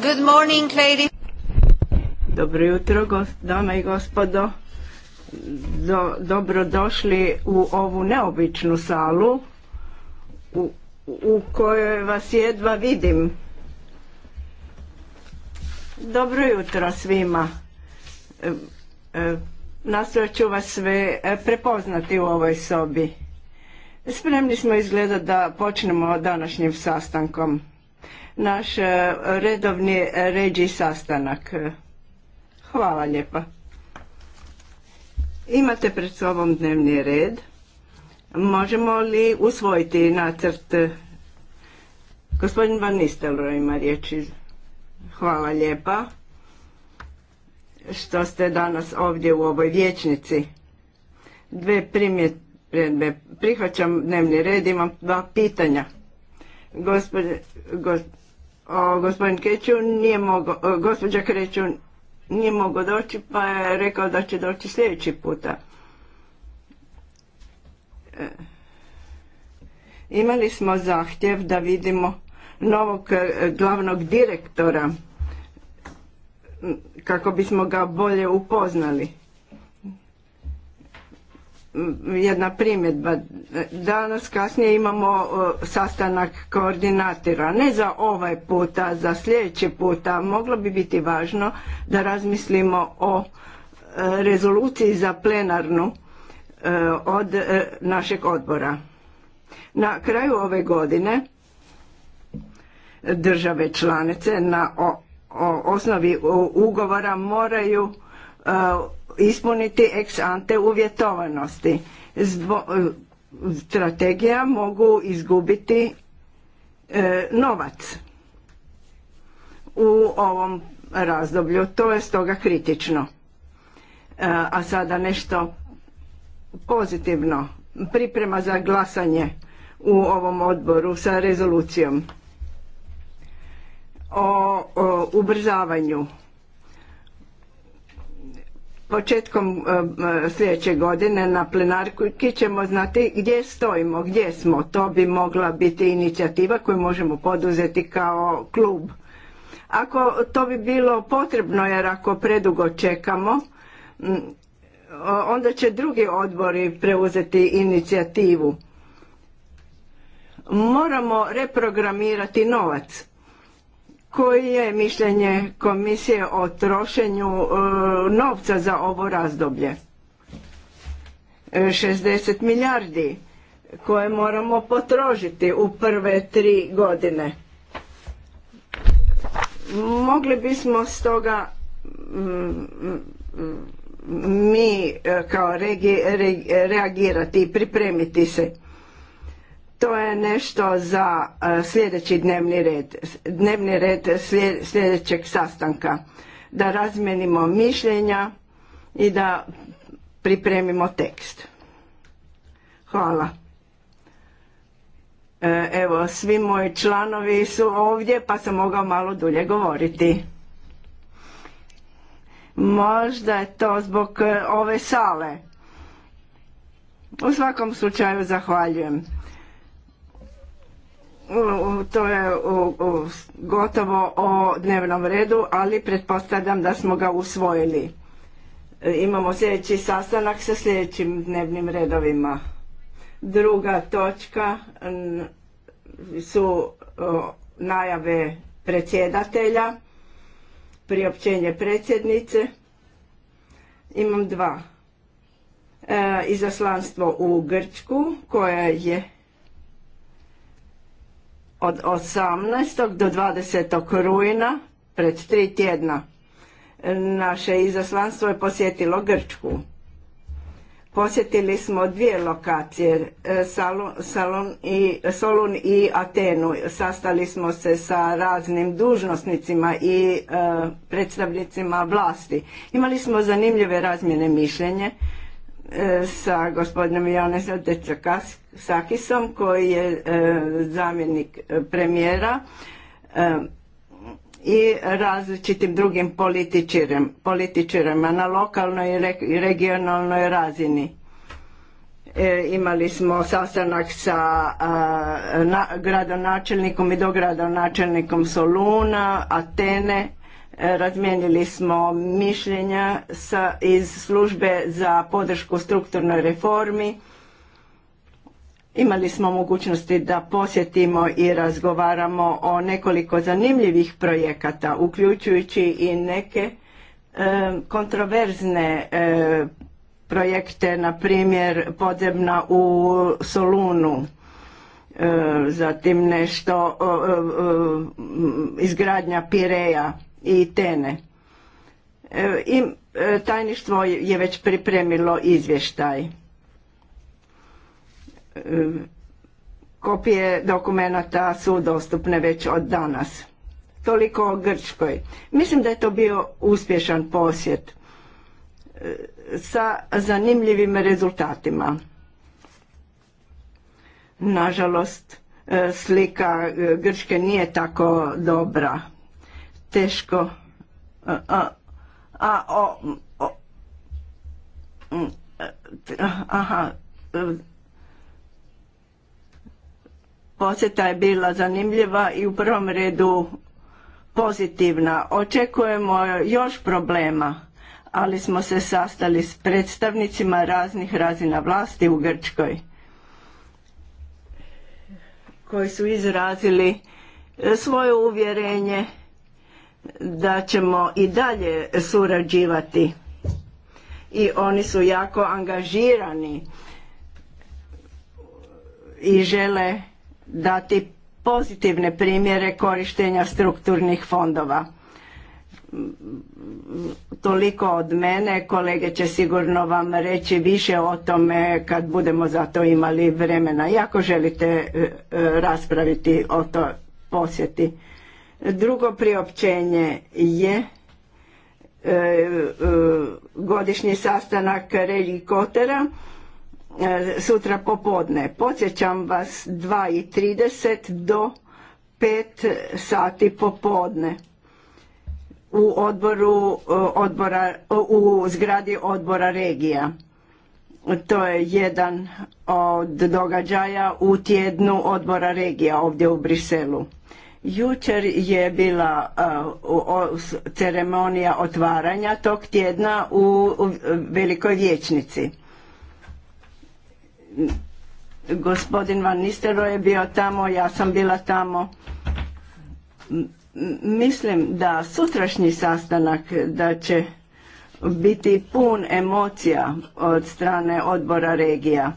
Good morning, Dobro jutro, dame i gospodo. dobro došli u ovu neobičnu salu u, kojoj vas jedva vidim. Dobro jutro svima. E, e ću vas sve e, prepoznati u ovoj sobi. Spremni smo izgleda da počnemo današnjim sastankom. Naš e, redovni ređi sastanak. Hvala lijepa. Imate pred sobom dnevni red. Možemo li usvojiti nacrt? Gospodin Van Nistelro ima riječi. Hvala lijepa što ste danas ovdje u ovoj vječnici. Dve primjet, primjedbe Prihvaćam dnevni red, imam dva pitanja. gospodin Kreću nije mogao, gospođa Kreću nije mogao doći pa je rekao da će doći sljedeći puta. E, imali smo zahtjev da vidimo novog e, glavnog direktora kako bismo ga bolje upoznali jedna primjedba. Danas kasnije imamo e, sastanak koordinatora, ne za ovaj puta, za sljedeći puta. Moglo bi biti važno da razmislimo o e, rezoluciji za plenarnu e, od našeg odbora. Na kraju ove godine države članice na osnovi ugovora moraju ispuniti ex ante uvjetovanosti. E, strategija mogu izgubiti e, novac u ovom razdoblju. To je stoga kritično. E, a sada nešto pozitivno. Priprema za glasanje u ovom odboru sa rezolucijom o ubrzavanju početkom e, sljedeće godine na plenarku ćemo znati gdje stojimo, gdje smo. To bi mogla biti inicijativa koju možemo poduzeti kao klub. Ako to bi bilo potrebno jer ako predugo čekamo, onda će drugi odbori preuzeti inicijativu. Moramo reprogramirati novac koje je mišljenje komisije o trošenju e, novca za ovo razdoblje? 60 e, milijardi koje moramo potrošiti u prve tri godine. Mogli bismo stoga mm, mm, mm, mi e, kao reagirati i pripremiti se to je nešto za e, sljedeći dnevni red, dnevni red sljedećeg sastanka, da razmenimo mišljenja i da pripremimo tekst. Hvala. E, evo, svi moji članovi su ovdje, pa sam mogao malo dulje govoriti. Možda je to zbog e, ove sale. U svakom slučaju zahvaljujem to je gotovo o dnevnom redu, ali pretpostavljam da smo ga usvojili. E, imamo sljedeći sastanak sa sljedećim dnevnim redovima. Druga točka su najave predsjedatelja, priopćenje predsjednice. Imam dva. E, izaslanstvo u Grčku koja je od 18. do 20. rujna, pred tri tjedna, naše izaslanstvo je posjetilo Grčku. Posjetili smo dvije lokacije, e, Salon, i, Solun i Atenu. Sastali smo se sa raznim dužnosnicima i e, predstavnicima vlasti. Imali smo zanimljive razmjene mišljenja. E, sa gospodinom Janesa Sakisom koji je e, zamjenik e, premijera i različitim drugim političarima na lokalnoj i regionalnoj razini. Imali smo sastanak sa gradonačelnikom i dogradonačelnikom Soluna, Atene Razmijenili smo mišljenja iz službe za podršku strukturnoj reformi. Imali smo mogućnosti da posjetimo i razgovaramo o nekoliko zanimljivih projekata, uključujući i neke e, kontroverzne e, projekte, na primjer podzemna u Solunu, e, zatim nešto izgradnja Pireja i Tene. I e, tajništvo je već pripremilo izvještaj. E, kopije dokumenata su dostupne već od danas. Toliko o Grčkoj. Mislim da je to bio uspješan posjet e, sa zanimljivim rezultatima. Nažalost, slika Grčke nije tako dobra teško. A, mm, aha, posjeta je bila zanimljiva i u prvom redu pozitivna. Očekujemo još problema, ali smo se sastali s predstavnicima raznih razina vlasti u Grčkoj koji su izrazili e, svoje uvjerenje da ćemo i dalje surađivati i oni su jako angažirani i žele dati pozitivne primjere korištenja strukturnih fondova. Toliko od mene, kolege će sigurno vam reći više o tome kad budemo za to imali vremena. Jako želite e, e, raspraviti o to posjeti. Drugo priopćenje je e, e, godišnji sastanak Relji Kotera e, sutra popodne. Podsjećam vas 2.30 do 5 sati popodne u odboru odbora, u zgradi odbora regija. To je jedan od događaja u tjednu odbora regija ovdje u Briselu. Jučer je bila ceremonija otvaranja tog tjedna u Velikoj vječnici. Gospodin Van Nistero je bio tamo, ja sam bila tamo. Mislim da sutrašnji sastanak da će biti pun emocija od strane odbora regija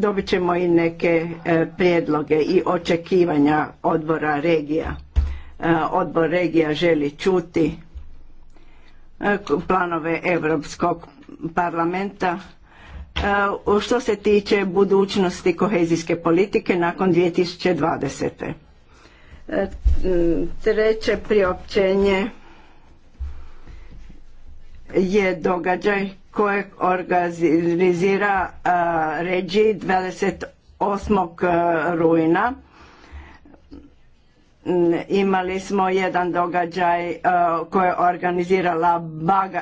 dobit ćemo i neke e, prijedloge i očekivanja odbora regija. E, odbor regija želi čuti e, planove Europskog parlamenta što se tiče budućnosti kohezijske politike nakon 2020. Treće priopćenje je događaj koje organizira Ređi 28. rujna. Imali smo jedan događaj koje je organizirala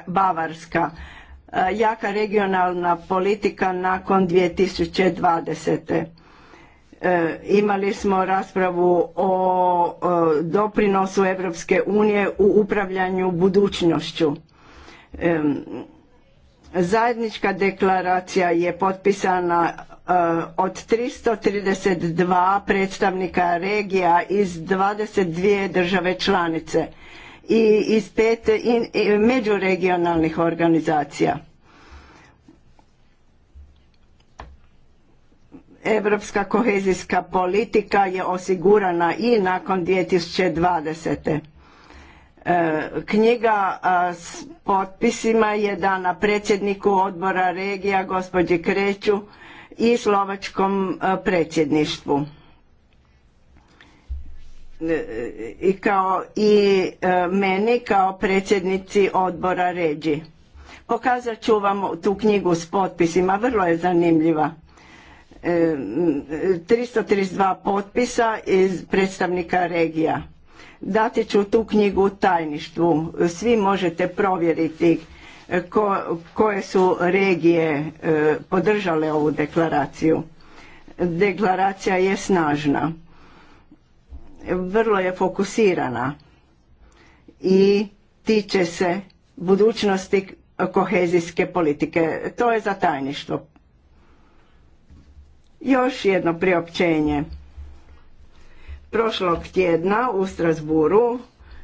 Bavarska jaka regionalna politika nakon 2020. E, imali smo raspravu o, doprinosu Europske unije u upravljanju budućnošću. Zajednička deklaracija je potpisana e, od 332 predstavnika regija iz 22 države članice i iz pet međuregionalnih organizacija. Europska kohezijska politika je osigurana i nakon 2020. E, knjiga s potpisima je dana predsjedniku odbora regija gospođi Kreću i slovačkom predsjedništvu. E, I kao i e, meni kao predsjednici odbora ređi. Pokazat ću vam tu knjigu s potpisima, vrlo je zanimljiva. 332 potpisa iz predstavnika regija Dati ću tu knjigu tajništvu. Svi možete provjeriti e, koje su regije e, podržale ovu deklaraciju. Deklaracija je snažna. Vrlo je fokusirana i tiče se budućnosti kohezijske politike. To je za tajništvo. Još jedno priopćenje. Prošlog tjedna u Strasburu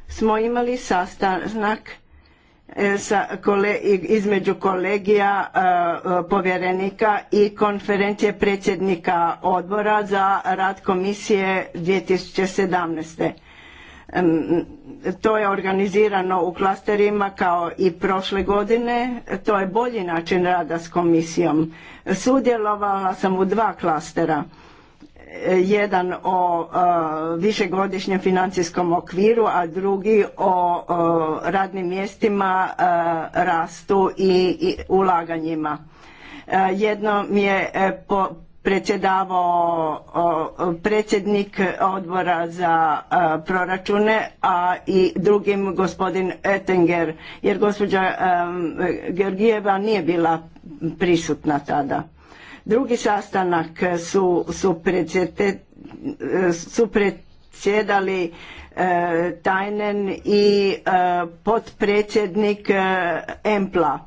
smo imali sastanak e, između kolegija e, povjerenika i konferencije predsjednika odbora za rad komisije 2017. to je organizirano u klasterima kao i prošle godine. To je bolji način rada s komisijom. Sudjelovala sam u dva klastera jedan o e, višegodišnjem financijskom okviru, a drugi o radnim mjestima, e, rastu i ulaganjima. E, Jednom je predsjedavao predsjednik odbora za proračune, a i drugim gospodin Ettinger, jer gospođa Georgijeva nije bila prisutna tada. Drugi sastanak su, su, su predsjedali e, Tajnen i e, potpredsjednik e, Empla.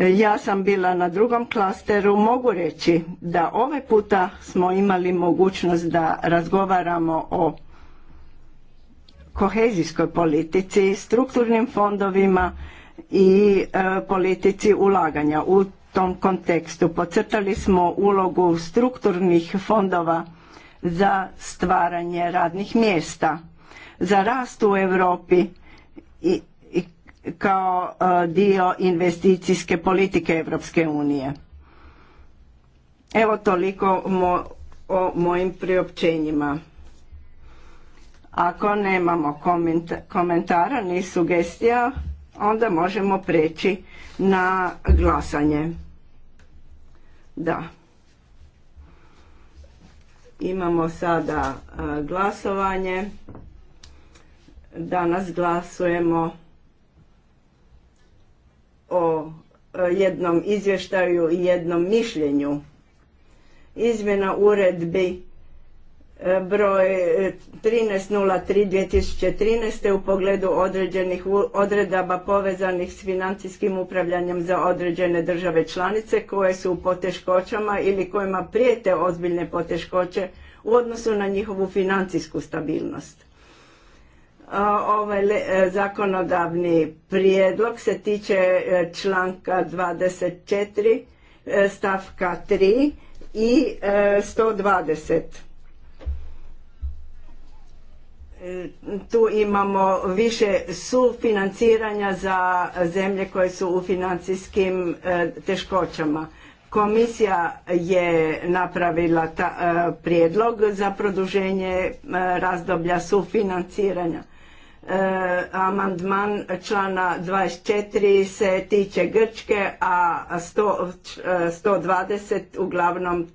Ja sam bila na drugom klasteru, mogu reći da ove puta smo imali mogućnost da razgovaramo o kohezijskoj politici, strukturnim fondovima i politici ulaganja. U tom kontekstu. Pocrtali smo ulogu strukturnih fondova za stvaranje radnih mjesta, za rast u Europi i, kao e, dio investicijske politike Europske unije. Evo toliko o mojim priopćenjima. Ako nemamo komentara ni sugestija, onda možemo preći na glasanje. Da. Imamo sada e, glasovanje. Danas glasujemo o e, jednom izvještaju i jednom mišljenju. Izmjena uredbi broj 1303-2013 u pogledu određenih odredaba povezanih s financijskim upravljanjem za određene države članice koje su u poteškoćama ili kojima prijete ozbiljne poteškoće u odnosu na njihovu financijsku stabilnost. Ovaj e, zakonodavni prijedlog se tiče e, članka 24 e, stavka 3 i 120 tu imamo više sufinanciranja za zemlje koje su u financijskim e, teškoćama. Komisija je napravila e, prijedlog za produženje e, razdoblja sufinanciranja. Amandman člana 24 se tiče Grčke, a 100, 120 uglavnom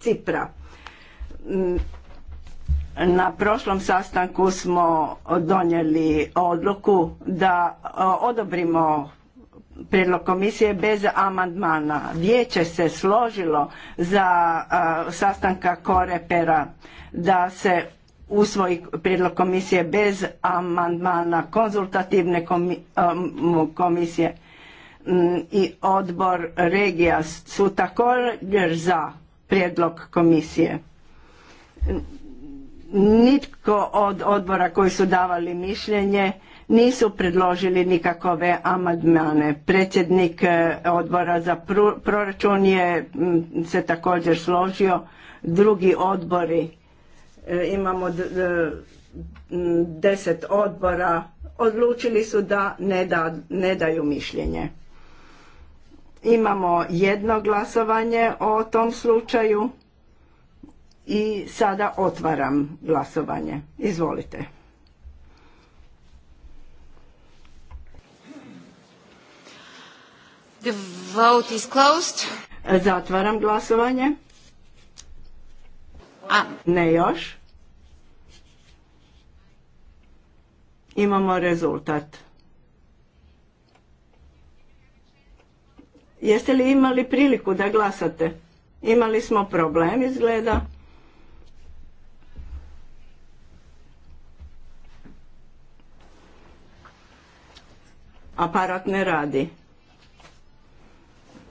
Cipra mm, na prošlom sastanku smo donijeli odluku da e, odobrimo prijedlog komisije bez amandmana. Vijeće se složilo za e, sastanka Korepera da se usvoji prijedlog komisije bez amandmana konzultativne e, komisije mm, i odbor regija su također za prijedlog komisije nitko od odbora koji su davali mišljenje nisu predložili nikakove amandmane. Predsjednik e, odbora za proračun je se također složio, drugi odbori, e, imamo e, deset odbora, odlučili su da ne, da ne daju mišljenje. Imamo jedno glasovanje o tom slučaju. I sada otvaram glasovanje. Izvolite. The vote is closed. Zatvaram glasovanje. A. Ne još. Imamo rezultat. Jeste li imali priliku da glasate? Imali smo problem izgleda. Aparat ne radi.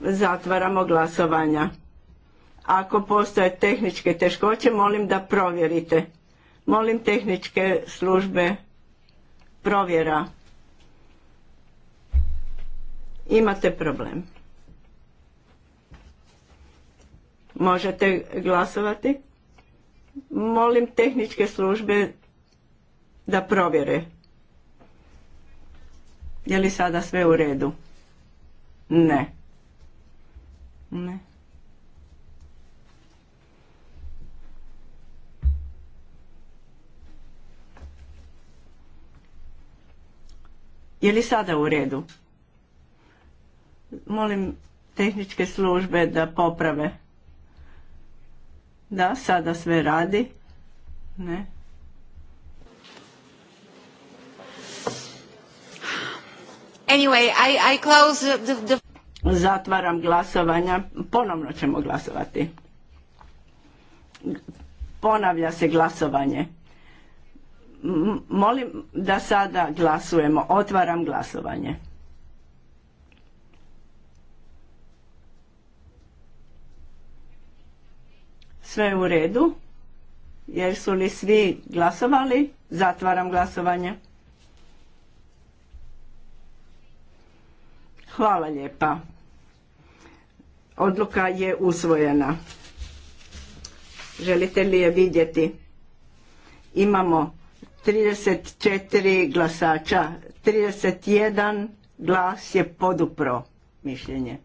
Zatvaramo glasovanja. Ako postoje tehničke teškoće, molim da provjerite. Molim tehničke službe provjera. Imate problem. Možete glasovati? Molim tehničke službe da provjere. Je li sada sve u redu? Ne. Ne. Je li sada u redu? Molim tehničke službe da poprave. Da, sada sve radi. Ne. Anyway, I, I close the, Zatvaram glasovanja. Ponovno ćemo glasovati. Ponavlja se glasovanje. molim da sada glasujemo. Otvaram glasovanje. Sve u redu. Jer su li svi glasovali? Zatvaram glasovanje. Hvala lijepa. Odluka je usvojena. Želite li je vidjeti? Imamo 34 glasača, 31 glas je podupro mišljenje.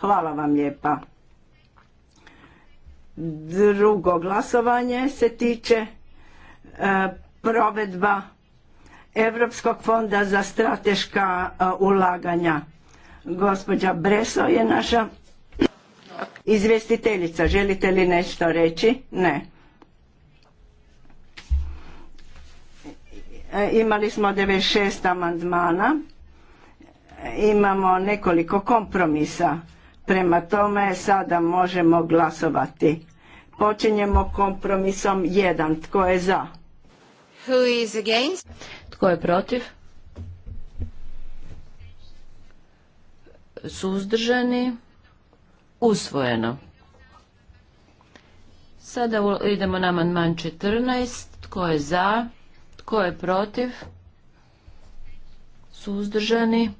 Hvala vam lijepa. Drugo glasovanje se tiče e, provedba Europskog fonda za strateška ulaganja. Gospođa Breso je naša izvjestiteljica. Želite li nešto reći? Ne. E, imali smo 96 amandmana. Imamo nekoliko kompromisa. Prema tome sada možemo glasovati. Počinjemo kompromisom 1. Tko je za? Who tko je protiv? Suzdržani? Usvojeno. Sada idemo na amandman 14. Tko je za? Tko je protiv? Suzdržani?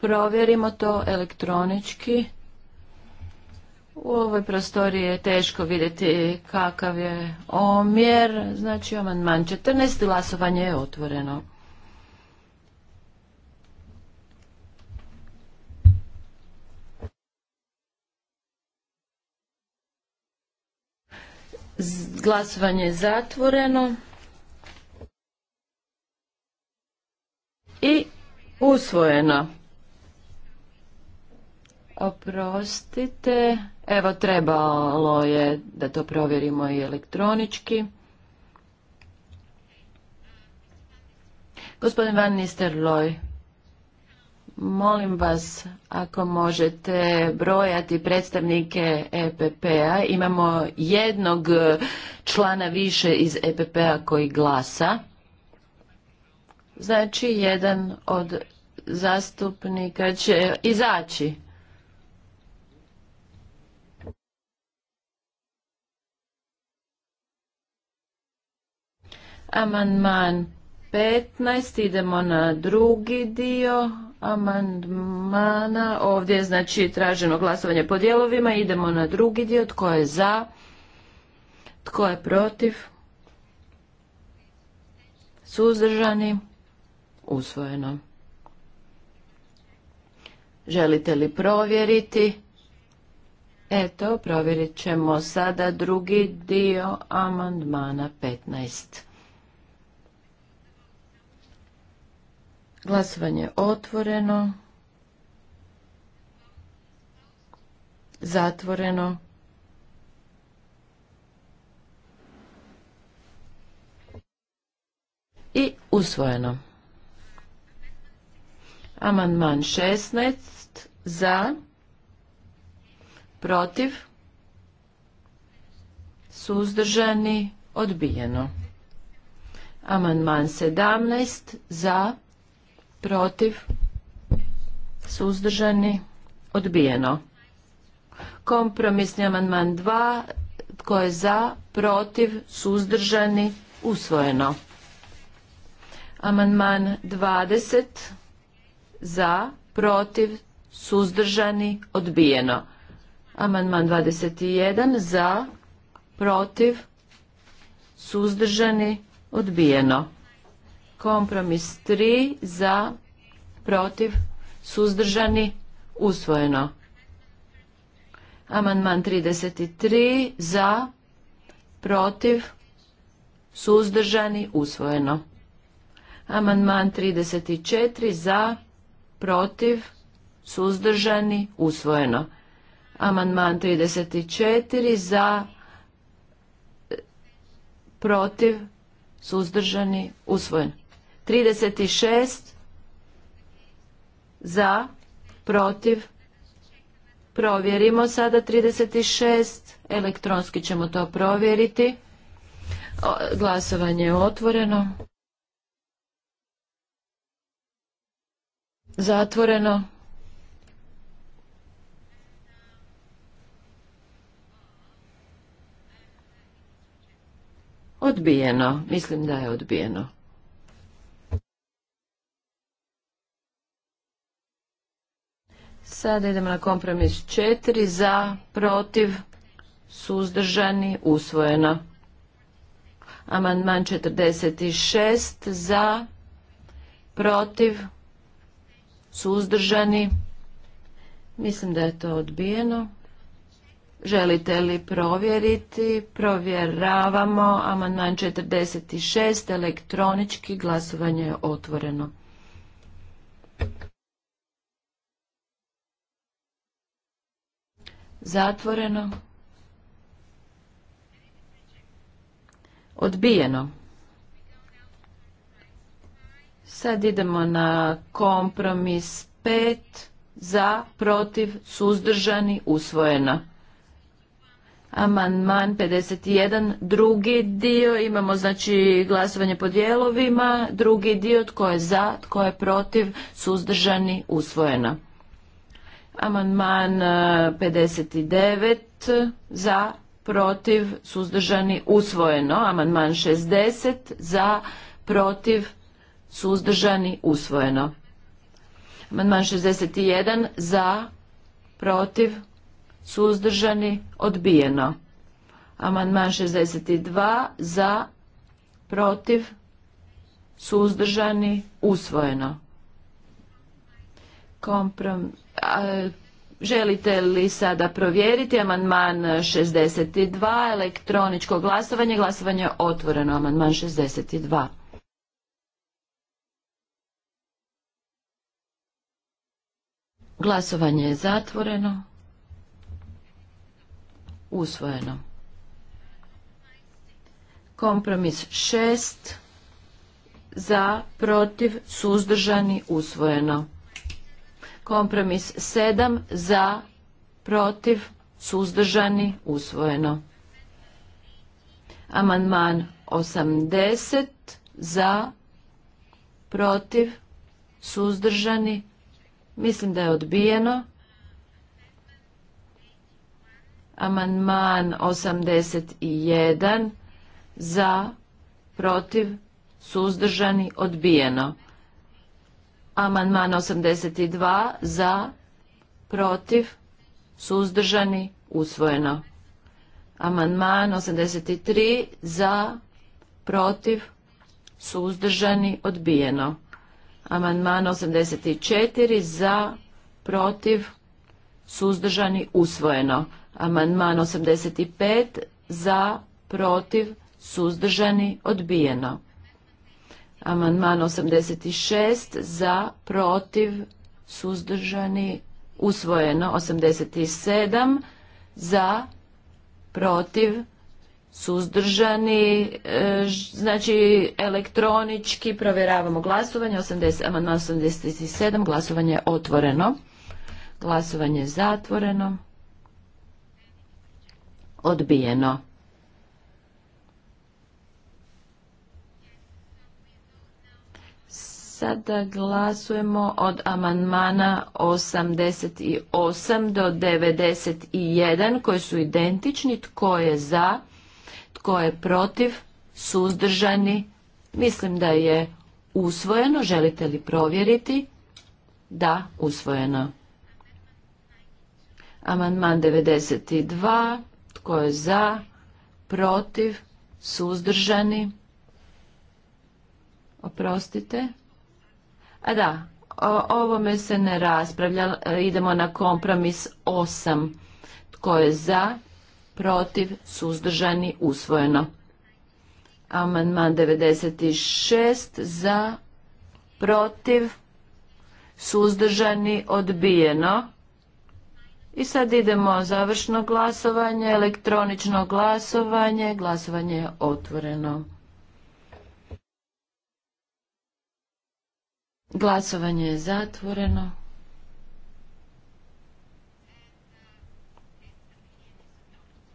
Provjerimo to elektronički. U ovoj prostoriji je teško vidjeti kakav je omjer, znači amandman 14. glasovanje je otvoreno. Glasovanje je zatvoreno. I usvojeno. Oprostite. Evo, trebalo je da to provjerimo i elektronički. Gospodin Van Nisterloj, molim vas ako možete brojati predstavnike EPP-a. Imamo jednog člana više iz EPP-a koji glasa. Znači, jedan od zastupnika će izaći. Amandman 15, idemo na drugi dio amandmana. Ovdje je znači traženo glasovanje po dijelovima. Idemo na drugi dio. Tko je za? Tko je protiv? Suzdržani? Usvojeno. Želite li provjeriti? Eto, provjerit ćemo sada drugi dio amandmana 15. Glasovanje otvoreno. Zatvoreno. I usvojeno. Amandman 16 za protiv suzdržani odbijeno. Amandman 17 za protiv, suzdržani, odbijeno. Kompromisni amandman 2, tko je za, protiv, suzdržani, usvojeno. Amandman 20, za, protiv, suzdržani, odbijeno. Amandman 21, za, protiv, suzdržani, odbijeno. Kompromis 3 za, protiv, suzdržani, usvojeno. Amandman 33 za, protiv, suzdržani, usvojeno. Amandman 34 za, protiv, suzdržani, usvojeno. Amandman 34 za, protiv, suzdržani, usvojeno. 36 za, protiv, provjerimo sada 36, elektronski ćemo to provjeriti. glasovanje je otvoreno. Zatvoreno. Odbijeno, mislim da je odbijeno. Sada idemo na kompromis 4 za, protiv, suzdržani, usvojeno. Amandman 46 za, protiv, suzdržani. Mislim da je to odbijeno. Želite li provjeriti? Provjeravamo. Amandman 46. Elektronički glasovanje je otvoreno. Zatvoreno. Odbijeno. Sad idemo na kompromis 5 za, protiv, suzdržani, usvojeno. Amandman 51, drugi dio, imamo znači glasovanje po dijelovima, drugi dio, tko je za, tko je protiv, suzdržani, usvojeno. Amandman 59 e, za, protiv, suzdržani, usvojeno. Amandman 60 za, protiv, suzdržani, usvojeno. Amandman 61 za, protiv, suzdržani, odbijeno. Amandman 62 za, protiv, suzdržani, usvojeno. Komprom... želite li sada provjeriti amandman 62, elektroničko glasovanje, glasovanje je otvoreno, amandman 62. Glasovanje je zatvoreno. Usvojeno. Kompromis 6. Za, protiv, suzdržani, usvojeno. Kompromis 7 za, protiv, suzdržani, usvojeno. Amandman 80 za, protiv, suzdržani, mislim da je odbijeno. Amandman 81 za, protiv, suzdržani, odbijeno. Amandman 82 za, protiv, suzdržani, usvojeno. Amandman 83 za, protiv, suzdržani, odbijeno. Amandman 84 za, protiv, suzdržani, usvojeno. Amandman 85 za, protiv, suzdržani, odbijeno. Amandman 86 za, protiv, suzdržani, usvojeno. 87 za, protiv, suzdržani, e, znači elektronički provjeravamo glasovanje. 80, amandman 87, glasovanje je otvoreno. Glasovanje je zatvoreno. Odbijeno. Sada glasujemo od amandmana 88 do 91 koji su identični. Tko je za? Tko je protiv? Suzdržani? Mislim da je usvojeno. Želite li provjeriti? Da, usvojeno. Amandman 92. Tko je za? Protiv? Suzdržani? Oprostite. A da, o ovome se ne raspravlja. Idemo na kompromis 8. Tko je za, protiv, suzdržani, usvojeno. Amandman 96 za, protiv, suzdržani, odbijeno. I sad idemo završno glasovanje, elektronično glasovanje, glasovanje je otvoreno. Glasovanje je zatvoreno.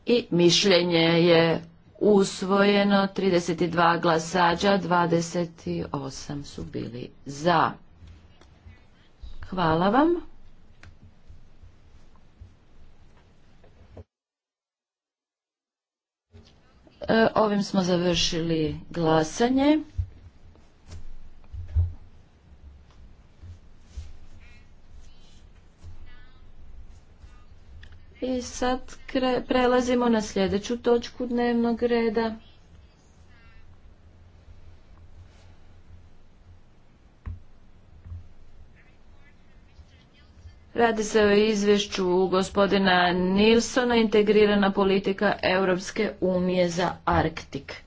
I mišljenje je usvojeno 32 glasađa, 28 su bili za. Hvala vam. E, ovim smo završili glasanje. I sad prelazimo na sljedeću točku dnevnog reda. Radi se o izvješću gospodina Nilsona, integrirana politika Europske unije za Arktik.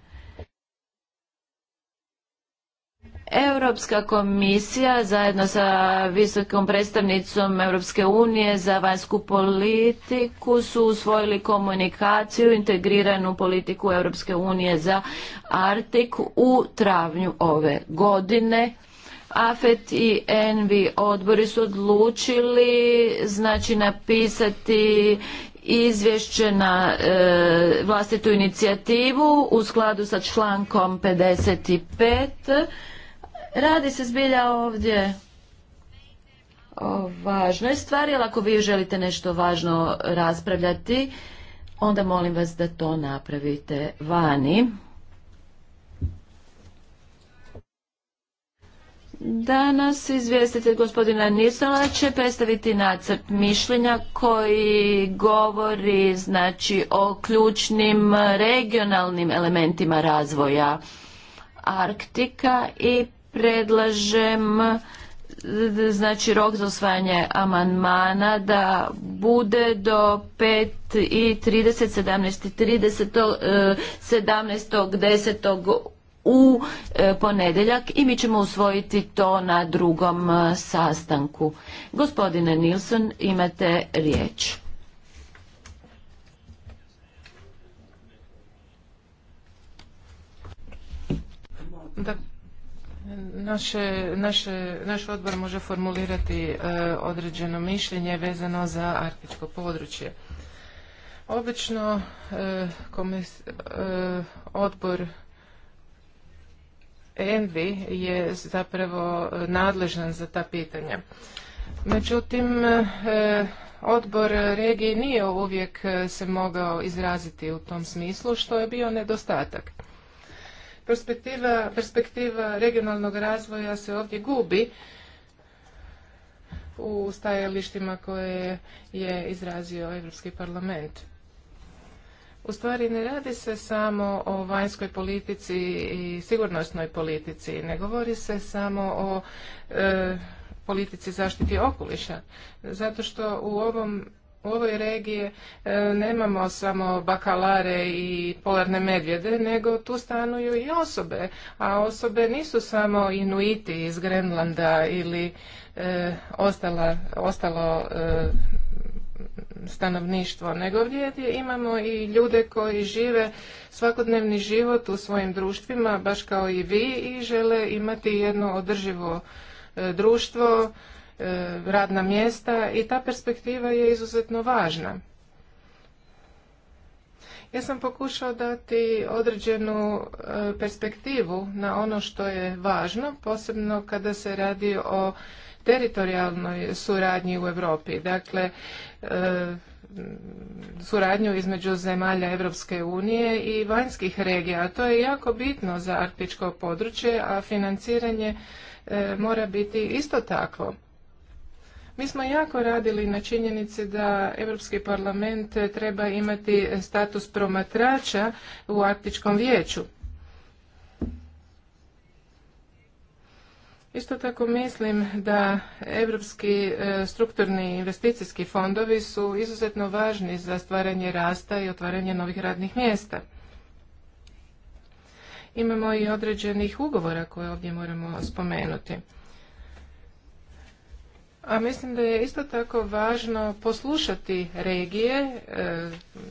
Europska komisija zajedno sa visokom predstavnicom Europske unije za vanjsku politiku su usvojili komunikaciju integriranu politiku Europske unije za Artik u travnju ove godine. AFET i ENVI odbori su odlučili znači napisati izvješće na e, vlastitu inicijativu u skladu sa člankom 55 Radi se zbilja ovdje o važnoj stvari, ali ako vi želite nešto važno raspravljati, onda molim vas da to napravite vani. Danas izvjestitelj gospodina Nisola će predstaviti nacrt mišljenja koji govori znači o ključnim regionalnim elementima razvoja Arktika i predlažem znači rok za osvajanje amandmana da bude do 5 i 30, i e, u e, ponedeljak i mi ćemo usvojiti to na drugom e, sastanku. Gospodine Nilsson, imate riječ. Naše, naše, naš odbor može formulirati e, određeno mišljenje vezano za arktičko područje. Obično e, komis, e, odbor ENVI je zapravo nadležan za ta pitanja. Međutim, odbor regije nije uvijek se mogao izraziti u tom smislu, što je bio nedostatak. Perspektiva, perspektiva regionalnog razvoja se ovdje gubi u stajalištima koje je izrazio Europski parlament. U stvari ne radi se samo o vanjskoj politici i sigurnosnoj politici, ne govori se samo o e, politici zaštiti okoliša, zato što u ovom u ovoj regiji e, nemamo samo bakalare i polarne medvjede, nego tu stanuju i osobe, a osobe nisu samo inuiti iz Grenlanda ili e, ostalo e, stanovništvo, nego ovdje imamo i ljude koji žive svakodnevni život u svojim društvima, baš kao i vi, i žele imati jedno održivo društvo E, radna mjesta i ta perspektiva je izuzetno važna. Ja sam pokušao dati određenu e, perspektivu na ono što je važno, posebno kada se radi o teritorijalnoj suradnji u Europi. Dakle, e, suradnju između zemalja Europske unije i vanjskih regija. To je jako bitno za arktičko područje, a financiranje mora biti isto takvo. Mi smo jako radili na činjenici da Europski parlament treba imati status promatrača u Arktičkom vijeću. Isto tako mislim da europski e, strukturni investicijski fondovi su izuzetno važni za stvaranje rasta i otvaranje novih radnih mjesta. Imamo i određenih ugovora koje ovdje moramo spomenuti. A mislim da je isto tako važno poslušati regije e,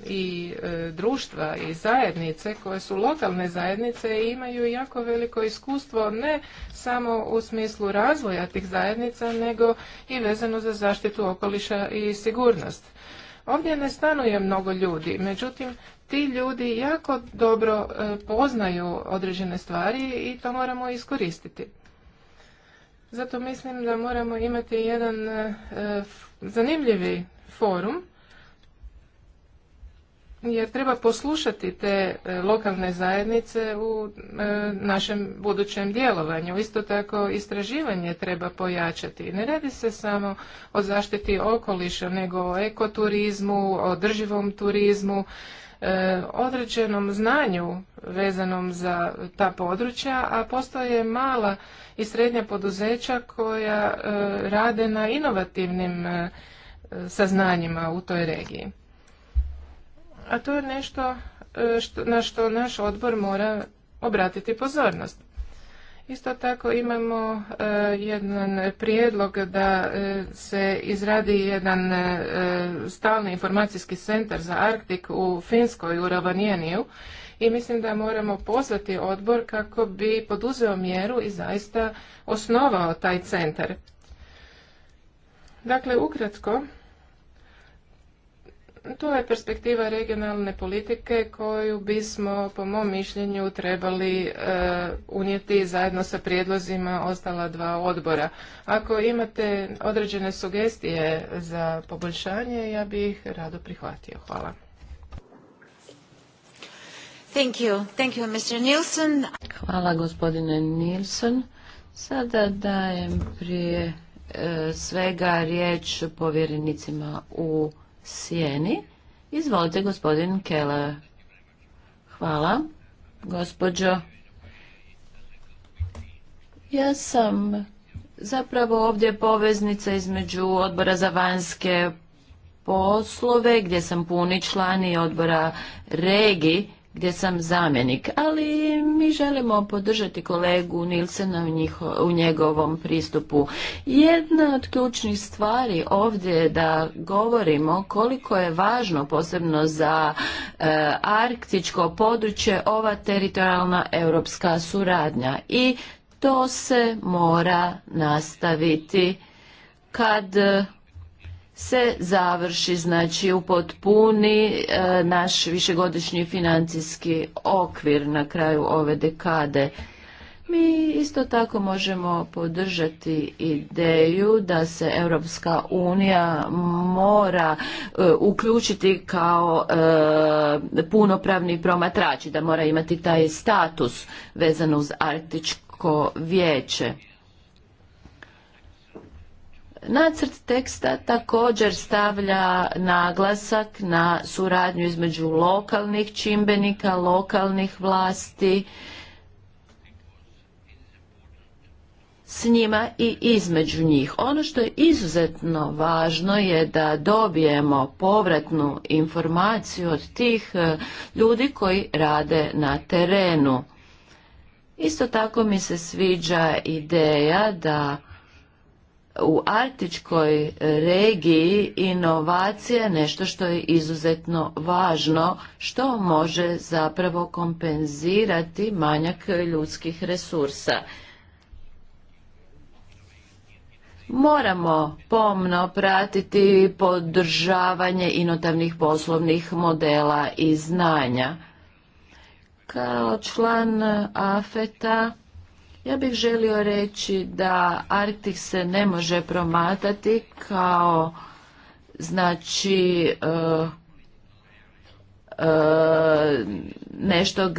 i e, društva i zajednice koje su lokalne zajednice i imaju jako veliko iskustvo ne samo u smislu razvoja tih zajednica nego i vezano za zaštitu okoliša i sigurnost. Ovdje ne stanuje mnogo ljudi, međutim ti ljudi jako dobro e, poznaju određene stvari i to moramo iskoristiti. Zato mislim da moramo imati jedan e, zanimljivi forum jer treba poslušati te e, lokalne zajednice u e, našem budućem djelovanju. Isto tako istraživanje treba pojačati. Ne radi se samo o zaštiti okoliša, nego o ekoturizmu, o drživom turizmu, E, određenom znanju vezanom za ta područja, a postoje mala i srednja poduzeća koja e, rade na inovativnim e, saznanjima u toj regiji. A to je nešto na što naš odbor mora obratiti pozornost. Isto tako imamo e, jedan prijedlog da e, se izradi jedan e, stalni informacijski centar za Arktik u Finskoj, u Ravanijeniju i mislim da moramo pozvati odbor kako bi poduzeo mjeru i zaista osnovao taj centar. Dakle, ukratko, to je perspektiva regionalne politike koju bismo, po mom mišljenju, trebali e, unijeti zajedno sa prijedlozima ostala dva odbora. Ako imate određene sugestije za poboljšanje, ja bih ih rado prihvatio. Hvala. Thank Hvala gospodine Nilsson. Sada dajem prije e, svega riječ povjerenicima u sjeni. Izvolite, gospodin Keller. Hvala, gospođo. Ja sam zapravo ovdje poveznica između odbora za vanjske poslove, gdje sam puni član i odbora regi gdje sam zamjenik, ali mi želimo podržati kolegu Nilsena u, njegovom pristupu. Jedna od ključnih stvari ovdje je da govorimo koliko je važno posebno za e, arktičko područje ova teritorijalna europska suradnja i to se mora nastaviti kad se završi, znači upotpuni e, naš višegodišnji financijski okvir na kraju ove dekade. Mi isto tako možemo podržati ideju da se Europska unija mora e, uključiti kao e, punopravni promatrač i da mora imati taj status vezan uz Arktičko vijeće. Nacrt teksta također stavlja naglasak na suradnju između lokalnih čimbenika, lokalnih vlasti, s njima i između njih. Ono što je izuzetno važno je da dobijemo povratnu informaciju od tih e, ljudi koji rade na terenu. Isto tako mi se sviđa ideja da u artičkoj regiji inovacija nešto što je izuzetno važno, što može zapravo kompenzirati manjak ljudskih resursa. Moramo pomno pratiti podržavanje inotavnih poslovnih modela i znanja. Kao član AFETA ja bih želio reći da Arktik se ne može promatati kao znači e, e, nešto,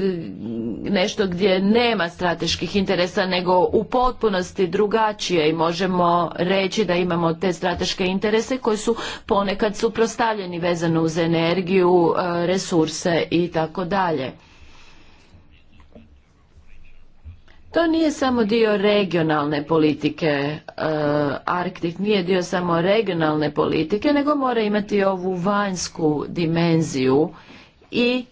nešto gdje nema strateških interesa nego u potpunosti drugačije i možemo reći da imamo te strateške interese koji su ponekad suprostavljeni vezano uz energiju, e, resurse i tako dalje. To nije samo dio regionalne politike, e, Arktik nije dio samo regionalne politike, nego mora imati ovu vanjsku dimenziju i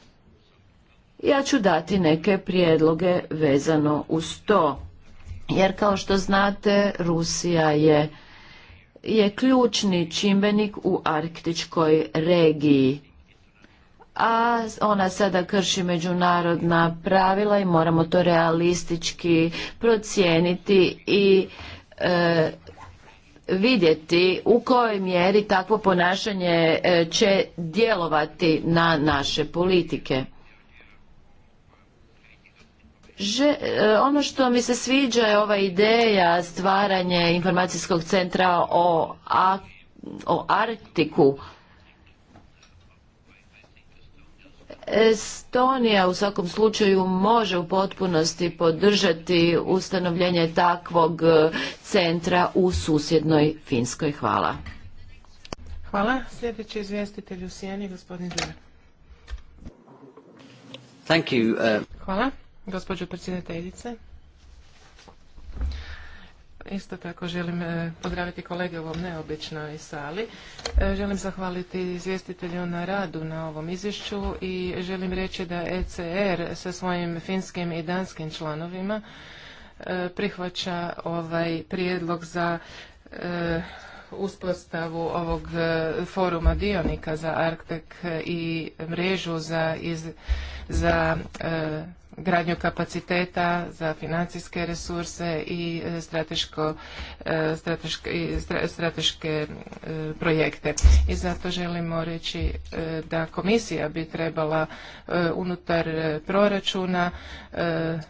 ja ću dati neke prijedloge vezano uz to. Jer kao što znate, Rusija je, je ključni čimbenik u arktičkoj regiji a ona sada krši međunarodna pravila i moramo to realistički procijeniti i e, vidjeti u kojoj mjeri takvo ponašanje e, će djelovati na naše politike. E, ono što mi se sviđa je ova ideja stvaranje informacijskog centra o, o Arktiku Estonija u svakom slučaju može u potpunosti podržati ustanovljenje takvog e, centra u susjednoj Finskoj. Hvala. Hvala. Sljedeći izvjestitelj u Sijeni, gospodin Zler. Thank you. Uh... Hvala, gospođo predsjedateljice. Isto tako želim e, pozdraviti kolege u ovom neobičnoj sali. E, želim zahvaliti izvjestitelju na radu na ovom izvješću i želim reći da ECR sa svojim finskim i danskim članovima e, prihvaća ovaj prijedlog za uspostavu ovog foruma dionika za Arktek i mrežu za, gradnju kapaciteta, za financijske resurse i e, strateško, e, strateške, strateške e, projekte. I zato želimo reći da komisija bi trebala unutar proračuna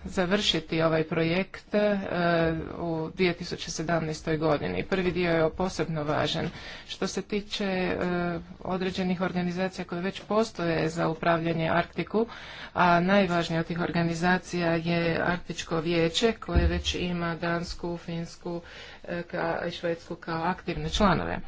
završiti ovaj projekt u 2017. godini. Prvi dio je posebno važan. Što se tiče određenih organizacija koje već postoje za upravljanje Arktiku, a najvažnija od tih organizacija organizacija je Arktičko vijeće koje već ima Dansku, Finsku e, i Švedsku kao aktivne članove.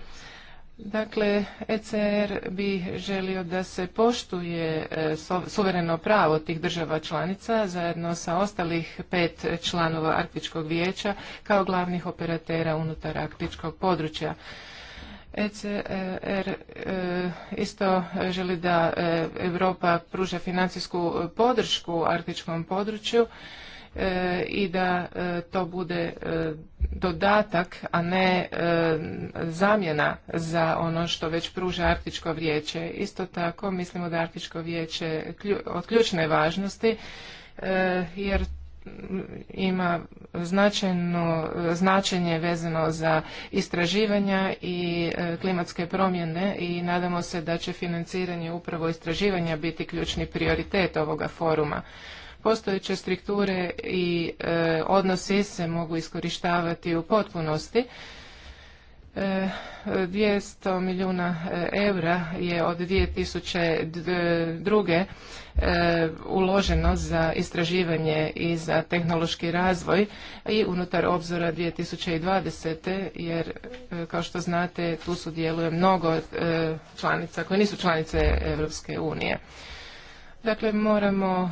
Dakle, ECR bi želio da se poštuje e, suvereno pravo tih država članica zajedno sa ostalih pet članova Arktičkog vijeća kao glavnih operatera unutar Arktičkog područja. ECR e e, isto želi da e, Europa pruža financijsku podršku arktičkom području i da to bude dodatak, a ne zamjena za ono što već pruža Arktičko vijeće. Isto tako mislimo da Arktičko vijeće od ključne važnosti jer ima značajno značenje vezano za istraživanja i e, klimatske promjene i nadamo se da će financiranje upravo istraživanja biti ključni prioritet ovoga foruma. Postojeće strukture i e, odnosi se mogu iskorištavati u potpunosti 200 milijuna e, eura je od 2002. E, uloženo za istraživanje i za tehnološki razvoj i unutar obzora 2020. jer e, kao što znate tu sudjeluje mnogo članica koje nisu članice Europske unije. Dakle, moramo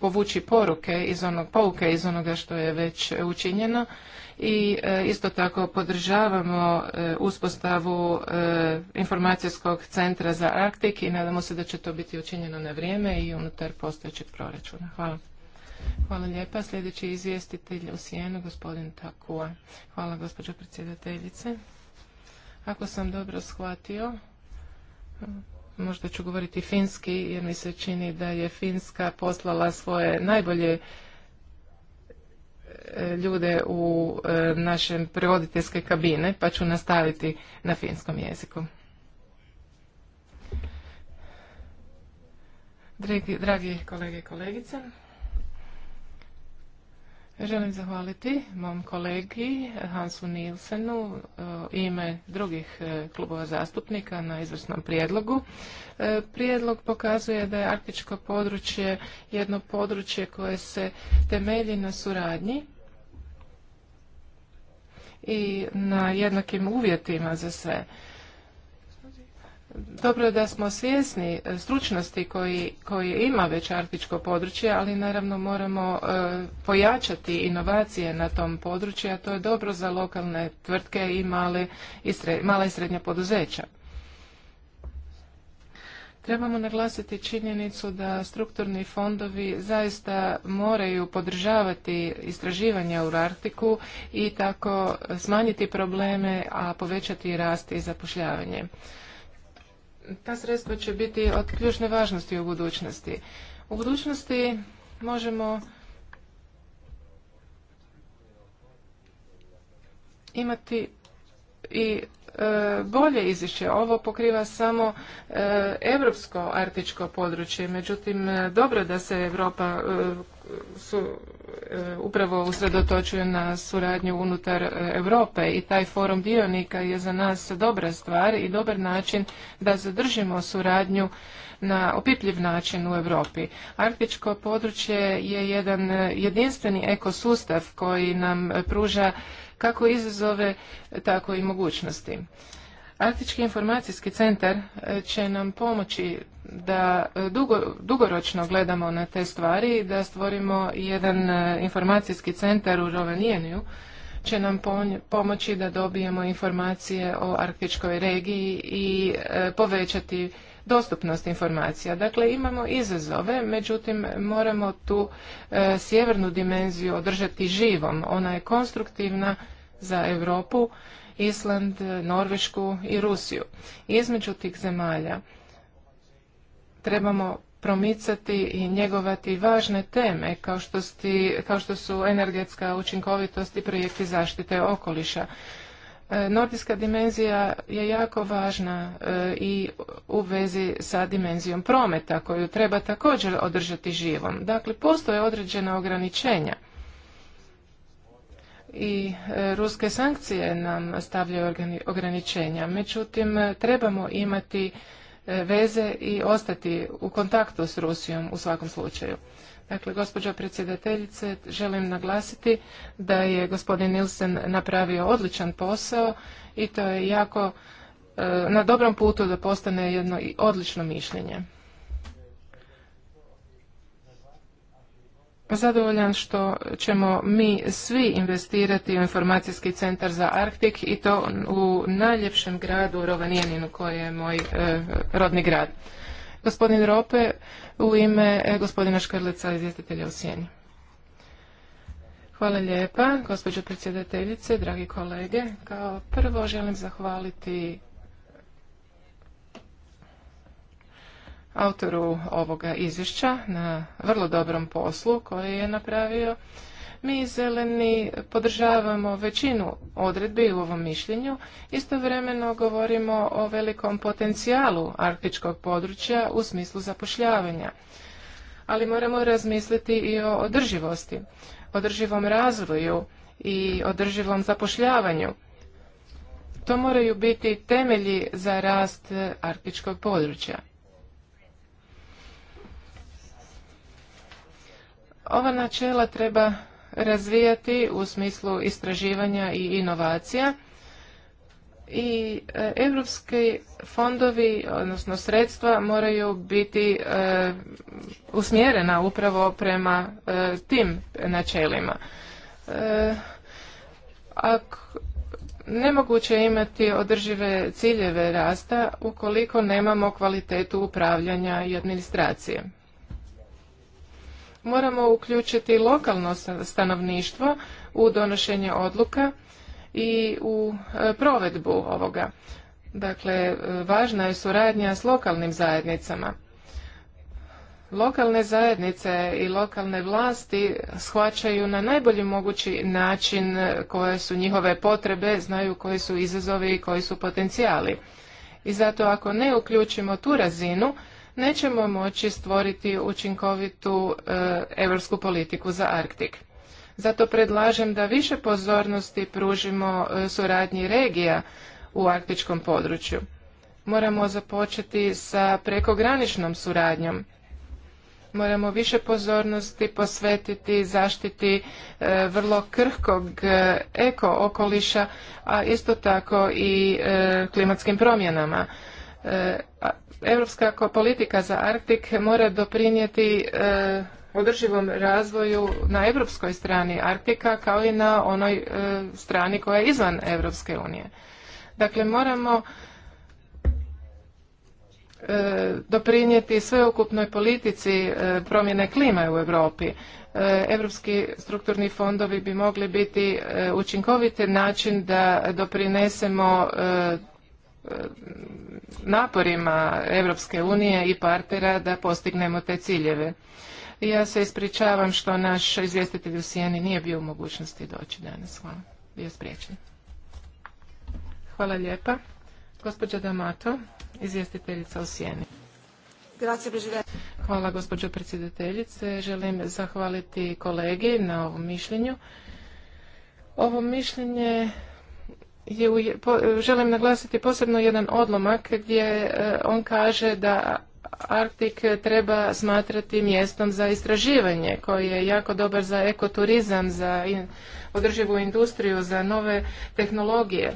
povući poruke iz onog, pouke iz onoga što je već učinjeno i e, isto tako podržavamo e, uspostavu e, informacijskog centra za Arktik i nadamo se da će to biti učinjeno na vrijeme i unutar postojećeg proračuna. Hvala. Hvala lijepa. Sljedeći izvjestitelj u Sijenu, gospodin Takua. Hvala, gospođo predsjedateljice. Ako sam dobro shvatio, možda ću govoriti finski, jer mi se čini da je Finska poslala svoje najbolje E, ljude u e, naše prevoditeljske kabine, pa ću nastaviti na finskom jeziku. Dragi, dragi kolege i kolegice, želim zahvaliti mom kolegi Hansu Nilsenu e, ime drugih klubova zastupnika na izvrsnom prijedlogu. Prijedlog pokazuje da je arktičko područje jedno područje koje se temelji na suradnji i na jednakim uvjetima za sve. Dobro je da smo svjesni e, stručnosti koji, koji ima već artičko područje, ali naravno moramo e, pojačati inovacije na tom području, a to je dobro za lokalne tvrtke i male i, mala i srednja poduzeća. Trebamo naglasiti činjenicu da strukturni fondovi zaista moraju podržavati istraživanja u Arktiku i tako smanjiti probleme, a povećati rast i zapošljavanje. Ta sredstva će biti od ključne važnosti u budućnosti. U budućnosti možemo imati i bolje izvješće. Ovo pokriva samo europsko artičko područje, međutim e, dobro da se Europa e, e, upravo usredotočuje na suradnju unutar Europe i taj forum dionika je za nas dobra stvar i dobar način da zadržimo suradnju na opipljiv način u Europi. Arktičko područje je jedan jedinstveni ekosustav koji nam pruža kako izazove, tako i mogućnosti. Arktički informacijski centar e, će nam pomoći da e, dugoročno gledamo na te stvari, da stvorimo jedan e, informacijski centar u Rovanijeniju, će nam pomoći da dobijemo informacije o arktičkoj regiji i povećati dostupnost informacija. Dakle, imamo izazove, međutim moramo tu e, sjevernu dimenziju održati živom. Ona je konstruktivna za Europu, Island, Norvešku i Rusiju. Između tih zemalja trebamo promicati i njegovati važne teme kao što, kao što su energetska učinkovitost i projekti zaštite okoliša. E, nordijska dimenzija je jako važna e, i u vezi sa dimenzijom prometa koju treba također održati živom. Dakle, postoje određena ograničenja i e, ruske sankcije nam stavljaju ograničenja. Međutim, trebamo imati veze i ostati u kontaktu s Rusijom u svakom slučaju. Dakle, gospođo predsjedateljice, želim naglasiti da je gospodin Nilsen napravio odličan posao i to je jako e, na dobrom putu da postane jedno odlično mišljenje. Zadovoljan što ćemo mi svi investirati u informacijski centar za Arktik i to u najljepšem gradu Rovanijeninu koji je moj e, rodni grad gospodin Rope u ime e, gospodina Škrleca, izvjestitelja u Sjeni. Hvala lijepa, gospođo predsjedateljice, dragi kolege. Kao prvo želim zahvaliti autoru ovoga izvješća na vrlo dobrom poslu koji je napravio mi zeleni podržavamo većinu odredbi u ovom mišljenju. Istovremeno govorimo o velikom potencijalu arktičkog područja u smislu zapošljavanja. Ali moramo razmisliti i o održivosti, održivom razvoju i održivom zapošljavanju. To moraju biti temelji za rast arktičkog područja. Ova načela treba razvijati u smislu istraživanja i inovacija i europski fondovi, odnosno sredstva, moraju biti e, usmjerena upravo prema e, tim načelima. E, ako nemoguće imati održive ciljeve rasta ukoliko nemamo kvalitetu upravljanja i administracije moramo uključiti lokalno stanovništvo u donošenje odluka i u e, provedbu ovoga. Dakle, e, važna je suradnja s lokalnim zajednicama. Lokalne zajednice i lokalne vlasti shvaćaju na najbolji mogući način koje su njihove potrebe, znaju koji su izazovi i koji su potencijali. I zato ako ne uključimo tu razinu, nećemo moći stvoriti učinkovitu europsku politiku za Arktik. Zato predlažem da više pozornosti pružimo e, suradnji regija u arktičkom području. Moramo započeti sa prekograničnom suradnjom. Moramo više pozornosti posvetiti zaštiti e, vrlo krhkog e, eko okoliša, a isto tako i klimatskim promjenama. Europska politika za Arktik mora doprinijeti e, održivom razvoju na europskoj strani Arktika kao i na onoj e, strani koja je izvan Europske unije. Dakle, moramo e, doprinijeti sveukupnoj politici promjene klima u Europi. Europski strukturni fondovi bi mogli biti učinkoviti način da doprinesemo naporima Europske unije i partnera da postignemo te ciljeve. Ja se ispričavam što naš izvjestitelj u Sijeni nije bio u mogućnosti doći danas. Hvala. Bio spriječen. Hvala lijepa. Gospođa D'Amato, izvjestiteljica u Sijeni. Hvala gospođo predsjedateljice. Želim zahvaliti kolegi na ovom mišljenju. Ovo mišljenje je, želim naglasiti posebno jedan odlomak gdje e, on kaže da Arktik treba smatrati mjestom za istraživanje koji je jako dobar za ekoturizam, za održivu industriju, za nove tehnologije,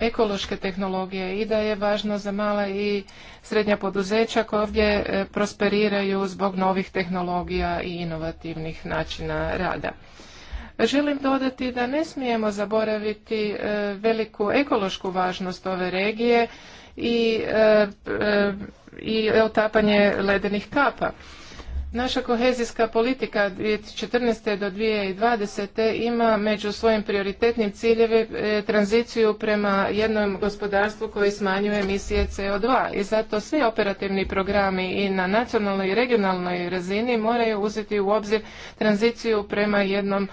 ekološke tehnologije i da je važno za mala i srednja poduzeća koja ovdje e, prosperiraju zbog novih tehnologija i inovativnih načina rada. Želim dodati da ne smijemo zaboraviti e, veliku ekološku važnost ove regije i, e, e, i otapanje ledenih kapa. Naša kohezijska politika 2014. do 2020. ima među svojim prioritetnim ciljevi tranziciju prema jednom gospodarstvu koji smanjuje emisije CO2 i zato svi operativni programi i na nacionalnoj i regionalnoj razini moraju uzeti u obzir tranziciju prema jednom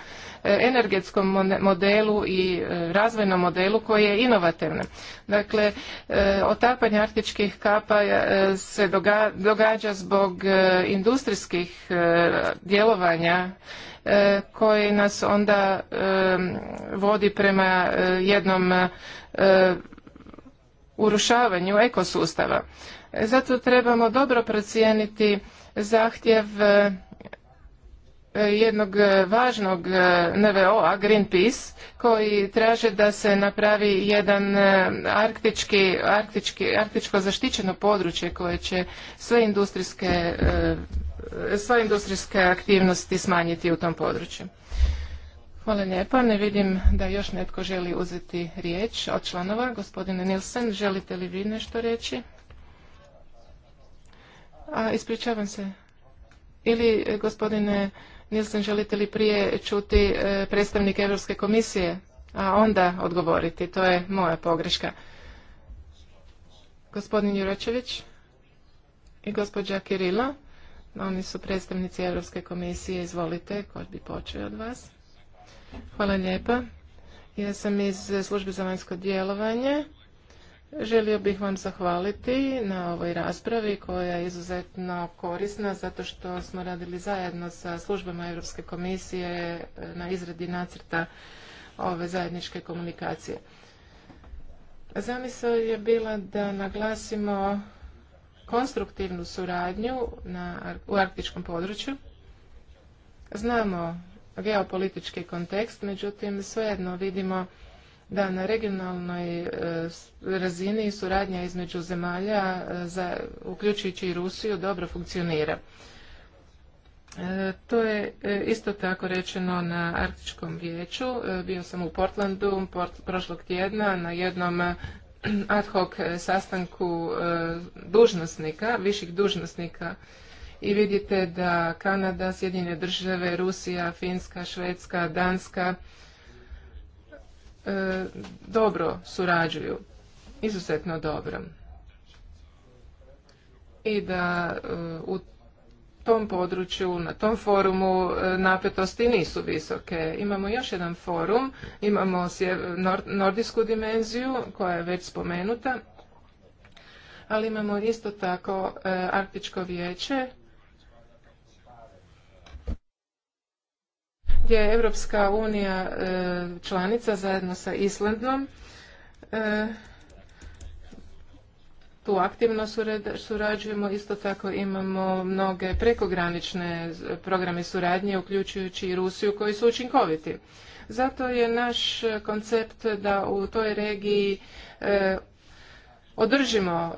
E, energetskom modelu i e, razvojnom modelu koji je inovativan. Dakle, e, otapanje arktičkih kapa se događa zbog industrijskih djelovanja koji nas onda vodi prema jednom urušavanju ekosustava. Zato trebamo dobro procijeniti zahtjev E, jednog e, važnog e, NVO-a, Greenpeace, koji traže da se napravi jedan arktički, arktički, arktičko zaštićeno područje koje će sve industrijske, sve industrijske aktivnosti smanjiti u tom području. Hvala lijepa. Ne vidim da još netko želi uzeti riječ od članova. Gospodine Nilsen, želite li vi nešto reći? A, ispričavam se. Ili gospodine Nilsen, želite li prije čuti e, predstavnik Europske komisije, a onda odgovoriti? To je moja pogreška. Gospodin Juračević i gospođa Kirila, oni su predstavnici Europske komisije. Izvolite, kod bi počeo od vas. Hvala lijepa. Ja sam iz službe za vanjsko djelovanje Želio bih vam zahvaliti na ovoj raspravi koja je izuzetno korisna zato što smo radili zajedno sa službama Europske komisije eh, na izradi nacrta ove zajedničke komunikacije. Zamisao je bila da naglasimo konstruktivnu suradnju na, u arktičkom području. Znamo geopolitički kontekst, međutim svejedno vidimo da, na regionalnoj e, razini suradnja između zemalja, e, za, uključujući i Rusiju, dobro funkcionira. E, to je isto tako rečeno na Arktičkom vijeću. Bio sam u Portlandu prošlog tjedna na jednom ad hoc sastanku dužnosnika, viših dužnosnika i vidite da Kanada, Sjedinjene države, Rusija, Finska, Švedska, Danska E, dobro surađuju, izuzetno dobro. I da e, u tom području, na tom forumu e, napetosti nisu visoke. Imamo još jedan forum, imamo nordijsku dimenziju koja je već spomenuta, ali imamo isto tako Arktičko vijeće gdje je Europska unija e, članica zajedno sa Islandom e, tu aktivno surađujemo, isto tako imamo mnoge prekogranične programe suradnje, uključujući i Rusiju, koji su učinkoviti. Zato je naš koncept da u toj regiji e, održimo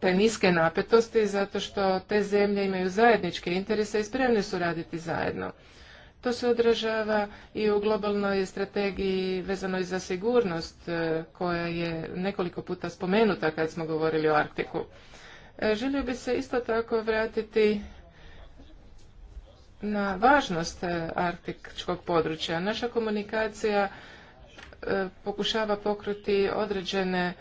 te niske napetosti, zato što te zemlje imaju zajedničke interese i spremne su raditi zajedno. To se odražava i u globalnoj strategiji vezanoj za sigurnost e, koja je nekoliko puta spomenuta kad smo govorili o Arktiku. E, želio bi se isto tako vratiti na važnost e, arktičkog područja. Naša komunikacija pokušava pokruti određene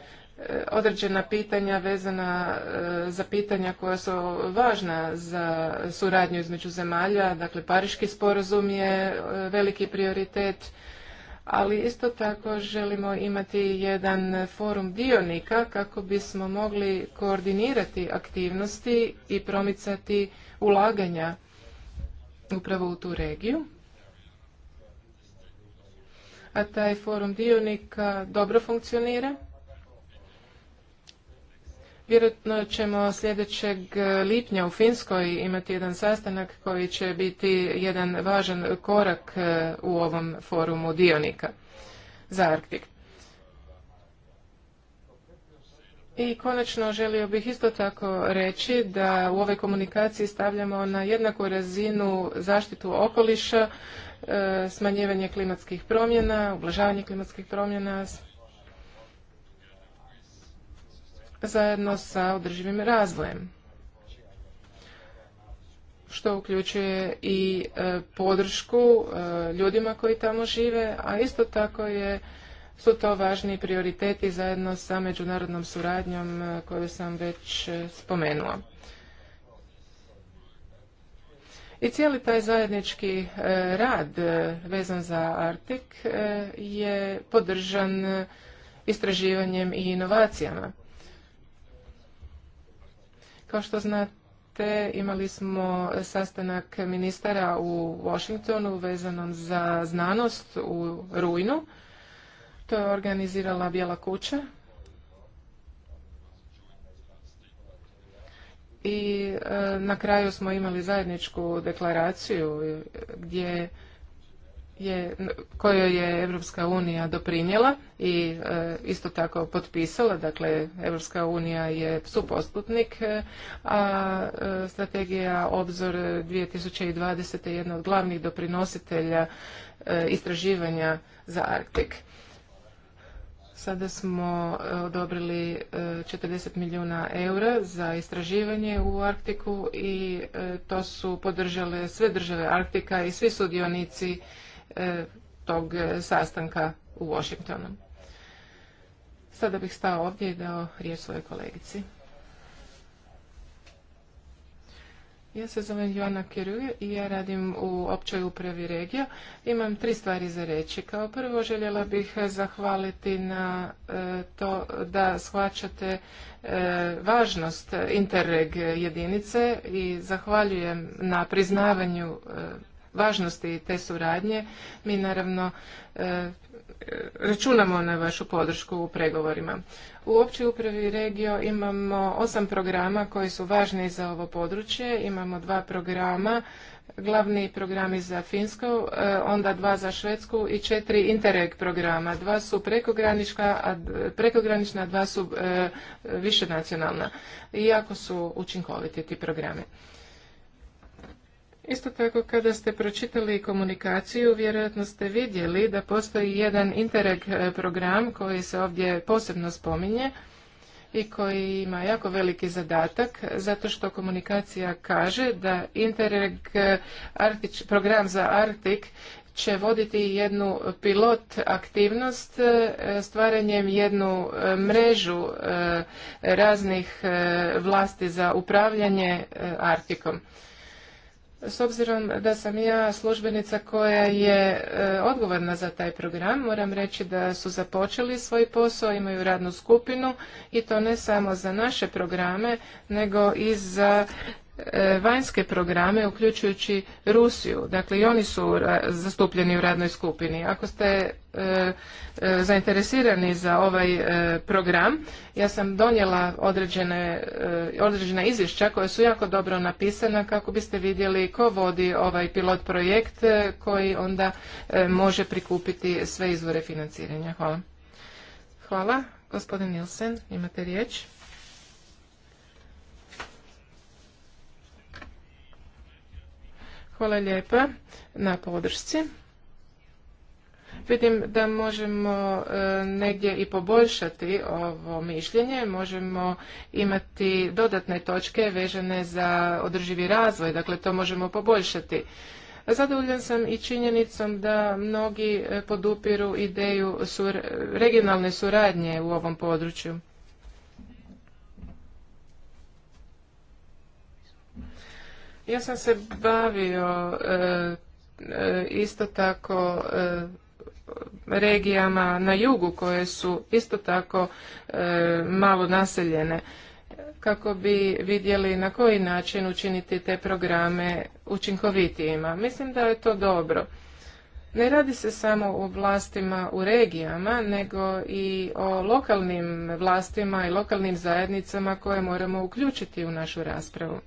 određena pitanja vezana e, za pitanja koja su važna za suradnju između zemalja. Dakle, Pariški sporazum je e, veliki prioritet, ali isto tako želimo imati jedan forum dionika kako bismo mogli koordinirati aktivnosti i promicati ulaganja upravo u tu regiju a taj forum dionika dobro funkcionira Vjerojatno ćemo sljedećeg e, lipnja u Finskoj imati jedan sastanak koji će biti jedan važan korak e, u ovom forumu dionika za Arktik. I konačno želio bih isto tako reći da u ovoj komunikaciji stavljamo na jednaku razinu zaštitu okoliša, e, smanjivanje klimatskih promjena, ublažavanje klimatskih promjena, zajedno sa održivim razvojem što uključuje i e, podršku e, ljudima koji tamo žive, a isto tako je, su to važni prioriteti zajedno sa međunarodnom suradnjom e, koju sam već spomenula. I cijeli taj zajednički rad vezan za Artik je podržan istraživanjem i inovacijama. Kao što znate, imali smo sastanak ministara u Washingtonu vezanom za znanost u Rujnu. To je organizirala Bijela kuća. I e, na kraju smo imali zajedničku deklaraciju gdje je, kojoj je Europska unija doprinijela i e, isto tako potpisala, dakle Europska unija je supostupnik, e, a e, strategija Obzor 2020. je jedna od glavnih doprinositelja istraživanja za Arktik. Sada smo odobrili 40 milijuna eura za istraživanje u Arktiku i to su podržale sve države Arktika i svi sudionici E, tog e, sastanka u Washingtonu. Sada bih stao ovdje i dao riječ svojoj kolegici. Ja se zovem Joana Kiruje i ja radim u općoj upravi regija. Imam tri stvari za reći. Kao prvo željela bih zahvaliti na e, to da shvaćate važnost Interreg jedinice i zahvaljujem na priznavanju važnosti te suradnje. Mi naravno e, računamo na vašu podršku u pregovorima. U općoj upravi regio imamo osam programa koji su važni za ovo područje. Imamo dva programa, glavni programi za Finsku, e, onda dva za Švedsku i četiri Interreg programa. Dva su prekogranična, a dva su e, višenacionalna. I Iako su učinkoviti ti programi. Isto tako kada ste pročitali komunikaciju, vjerojatno ste vidjeli da postoji jedan Interreg e, program koji se ovdje posebno spominje i koji ima jako veliki zadatak zato što komunikacija kaže da Interreg e, program za Arktik će voditi jednu pilot aktivnost e, stvaranjem jednu mrežu raznih vlasti za upravljanje Artikom. S obzirom da sam ja službenica koja je e, odgovorna za taj program, moram reći da su započeli svoj posao, imaju radnu skupinu i to ne samo za naše programe, nego i za E, vanjske programe, uključujući Rusiju. Dakle, i oni su zastupljeni u radnoj skupini. Ako ste e, e, zainteresirani za ovaj program, ja sam donijela određene, određena izvješća koja su jako dobro napisana kako biste vidjeli ko vodi ovaj pilot projekt koji onda može prikupiti sve izvore financiranja. Hvala. Hvala. Gospodin Nilsen, imate riječ. Hvala lijepa na podršci. Vidim da možemo e, negdje i poboljšati ovo mišljenje, možemo imati dodatne točke vezane za održivi razvoj, dakle to možemo poboljšati. Zadovoljan sam i činjenicom da mnogi e, podupiru ideju regionalne suradnje u ovom području. Ja sam se bavio e, e, isto tako e, regijama na jugu koje su isto tako malo naseljene kako bi vidjeli na koji način učiniti te programe učinkovitijima. Mislim da je to dobro. Ne radi se samo o vlastima u regijama, nego i o lokalnim vlastima i lokalnim zajednicama koje moramo uključiti u našu raspravu.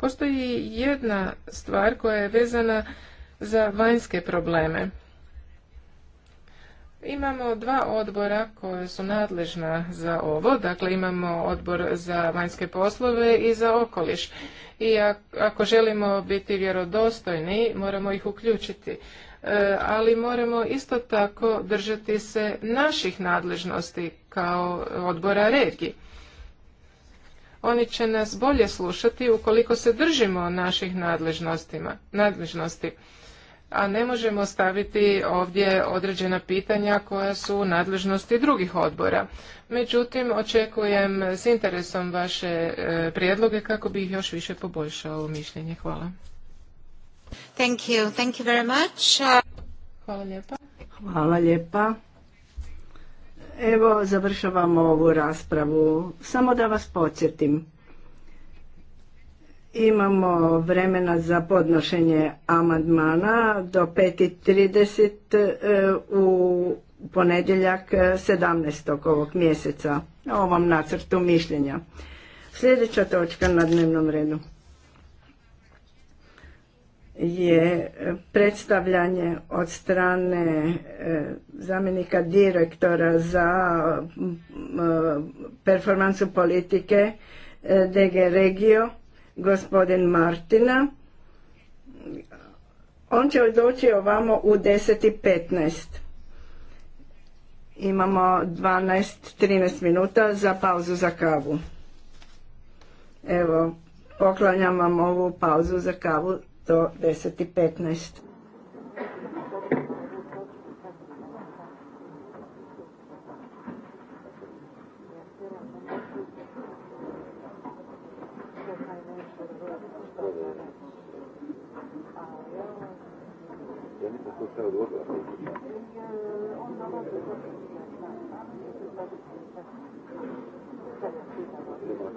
Postoji jedna stvar koja je vezana za vanjske probleme. Imamo dva odbora koje su nadležna za ovo, dakle imamo odbor za vanjske poslove i za okoliš. I ako želimo biti vjerodostojni, moramo ih uključiti. E, ali moramo isto tako držati se naših nadležnosti kao odbora regije oni će nas bolje slušati ukoliko se držimo naših nadležnosti. A ne možemo staviti ovdje određena pitanja koja su u nadležnosti drugih odbora. Međutim, očekujem s interesom vaše e, prijedloge kako bih bi još više poboljšao mišljenje. Hvala. Thank you. Thank you very much. Hvala Hvala lijepa. Evo, završavamo ovu raspravu. Samo da vas podsjetim. Imamo vremena za podnošenje amandmana do 5.30 e, u ponedjeljak 17. E, ovog mjeseca o ovom nacrtu mišljenja. Sljedeća točka na dnevnom redu je predstavljanje od strane e, zamjenika direktora za e, performansu politike e, DG Regio, gospodin Martina. On će doći ovamo u 10.15. Imamo 12-13 minuta za pauzu za kavu. Evo, poklanjam vam ovu pauzu za kavu do i 15.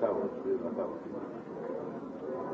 Thank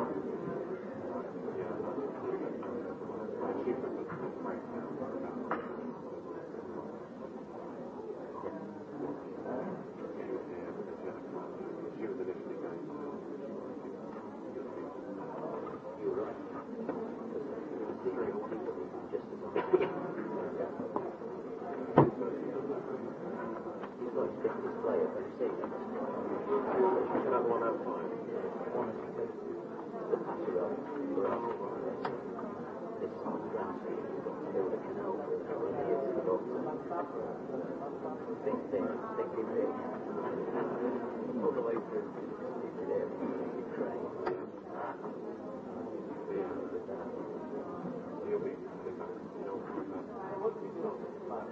odbija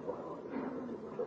Hvala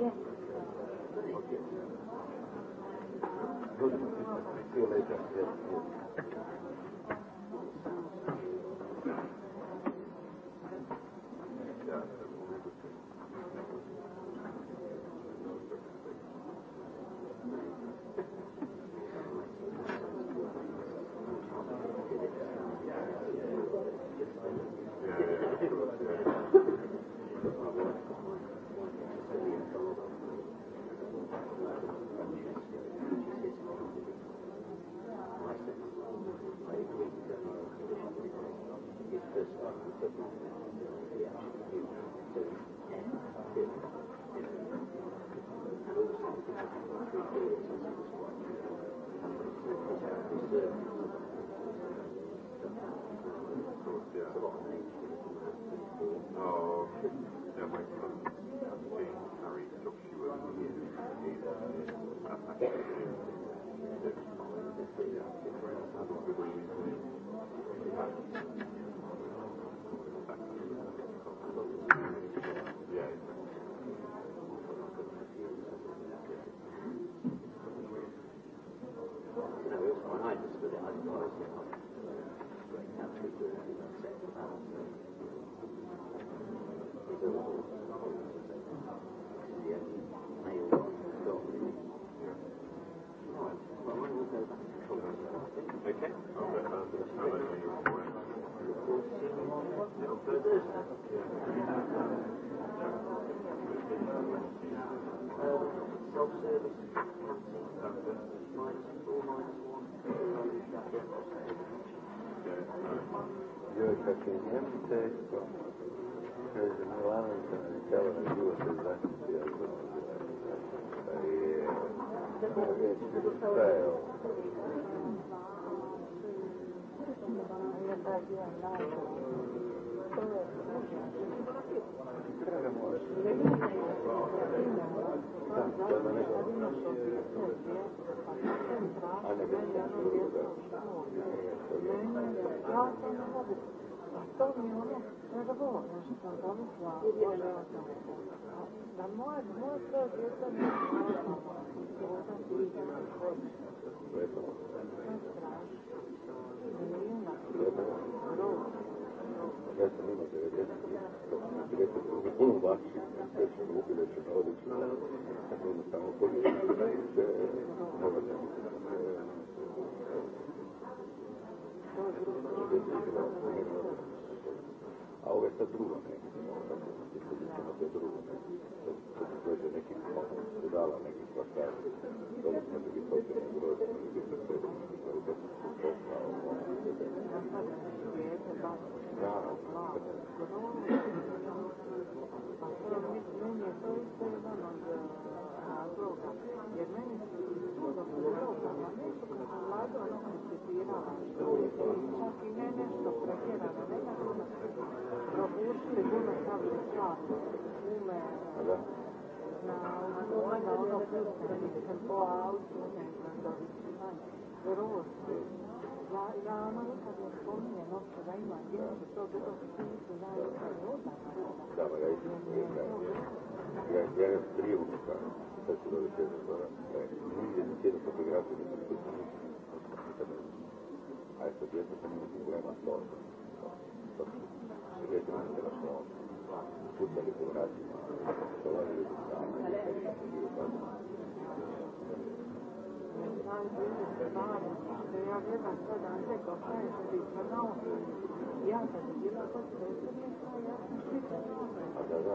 Yes. I Joj, kak ja to mi da moja, na direktno a ovo je to ja, ja imam tri unuka, sad ću dobiti zora. niti je je To djeca sam imao problema s ovom. Djeca nam se našla ovom. po vratima, bio tamo. Ja gledam je ja sam bila kod ja sam A da, da,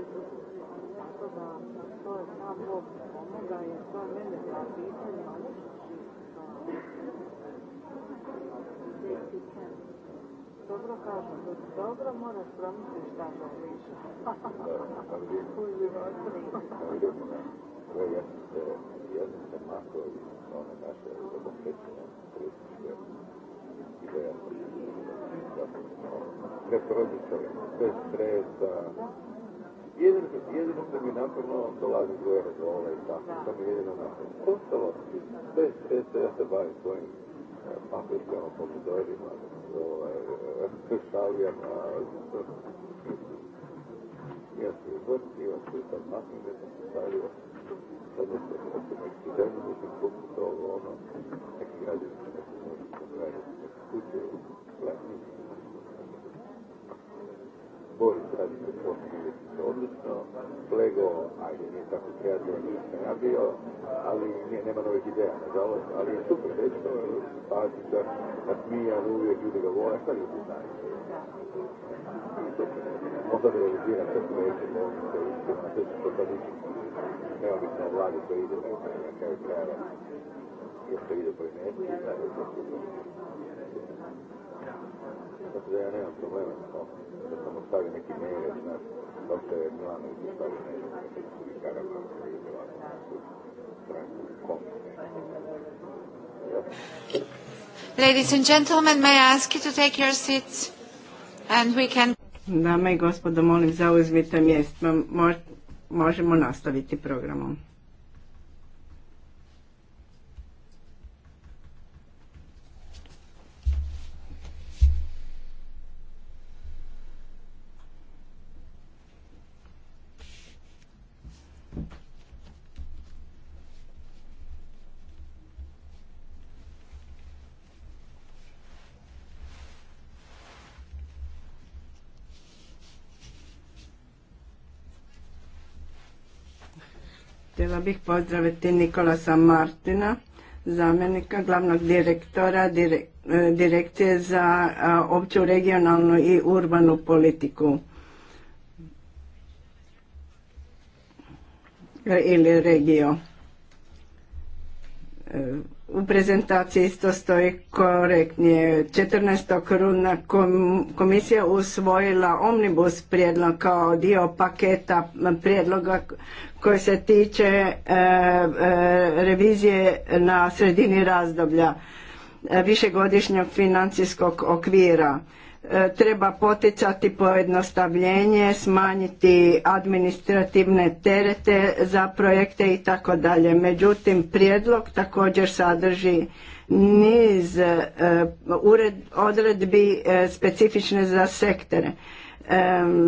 Tako da, dobro kažem, moraš promisliti šta Jedino jedino što mi napravno dolazi do aerodola i tako, to mi jedino napravno. Ostalo, bez cesta ja se bavim svojim e, paprikama, pomidorima, ovaj, šalijama, e, ja se vrti, ja sam sad maknem, ja sam se stavio, sad ne se vrtima i zemlju, mislim, kupim to ovo, ono, neki građevi, neki kuće, neki kuće, Boris radi se posao odlično, Flego, ajde, nije tako prijatelj, nisam ja bio, ali nije, nema novih ideja, nažalost, ali je super dečko, pasičan, nasmijan, uvijek ljudi ga vole, šta ljudi znaju? Možda bi realizira sve projekte, molim se, uspio na sve što sad ići, nema bih na ide, koji ide, na kraju krajeva, jer se ide po inerci, tako da se Tako da ja nemam problema s tom. Ladies and gentlemen, may I ask you to take your seats and we can... Dame i gospodo, molim zauzmite mjesto, možemo nastaviti programom. Htjela bih pozdraviti Nikolasa Martina, zamjenika glavnog direktora e, Direkcije za opću regionalnu i urbanu politiku. E, ili regio. E, u prezentaciji isto stoji korektnije. 14. runa komisija usvojila omnibus prijedlog kao dio paketa prijedloga koji se tiče e, e, revizije na sredini razdoblja e, višegodišnjeg financijskog okvira. E, treba poticati pojednostavljenje, smanjiti administrativne terete za projekte i tako dalje. Međutim, prijedlog također sadrži niz e, odredbi e, specifične za sektore.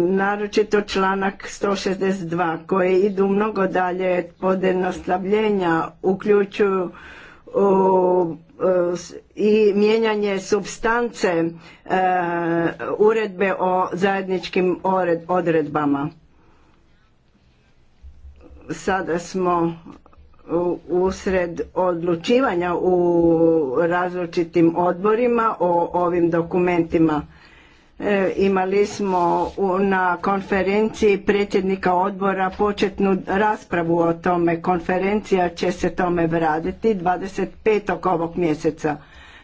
naročito članak 162 koji idu mnogo dalje od pojednostavljenja, uključuju E, i mijenjanje substance e, uredbe o zajedničkim odredbama. Sada smo usred odlučivanja u različitim odborima o ovim dokumentima E, imali smo na konferenciji predsjednika odbora početnu raspravu o tome. Konferencija će se tome vraditi 25. ovog mjeseca.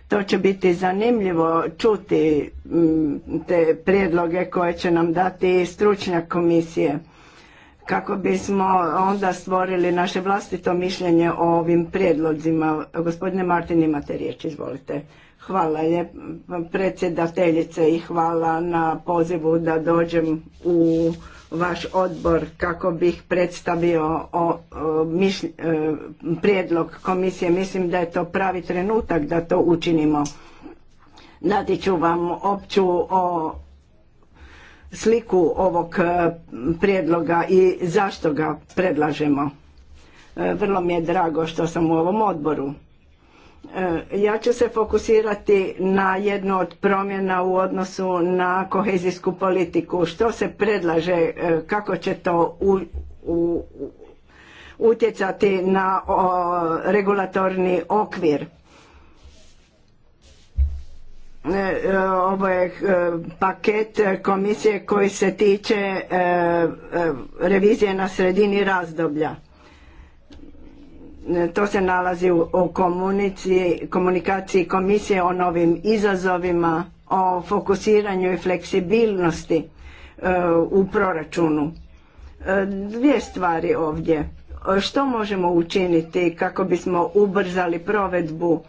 To će biti zanimljivo čuti te prijedloge koje će nam dati stručnjak komisije kako bismo onda stvorili naše vlastito mišljenje o ovim prijedlozima. Gospodine Martin, imate riječ, izvolite. Hvala predsjedateljice i hvala na pozivu da dođem u vaš odbor kako bih predstavio o, e, prijedlog komisije. Mislim da je to pravi trenutak da to učinimo. Dati ću vam opću o sliku ovog e, prijedloga i zašto ga predlažemo. E, vrlo mi je drago što sam u ovom odboru. E, ja ću se fokusirati na jednu od promjena u odnosu na kohezijsku politiku. Što se predlaže, e, kako će to utjecati na regulatorni okvir? E, ovo je paket komisije koji se tiče revizije na sredini razdoblja to se nalazi u, komunikaciji komisije o novim izazovima, o fokusiranju i fleksibilnosti e, u proračunu. E, dvije stvari ovdje. Što možemo učiniti kako bismo ubrzali provedbu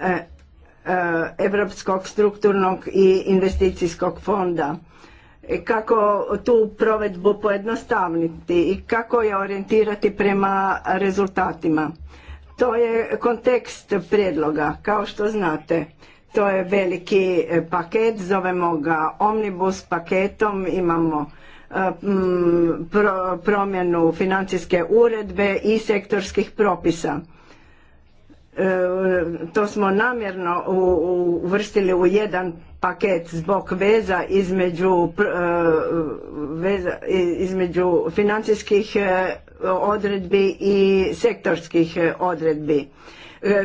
e, Europskog strukturnog i investicijskog fonda? E, kako tu provedbu pojednostavniti i kako je orijentirati prema rezultatima. To je kontekst prijedloga, kao što znate. To je veliki e, paket, zovemo ga omnibus paketom, imamo e, promjenu financijske uredbe i sektorskih propisa E, to smo namjerno uvrstili u jedan paket zbog veza između, e, veza između financijskih e, odredbi i sektorskih odredbi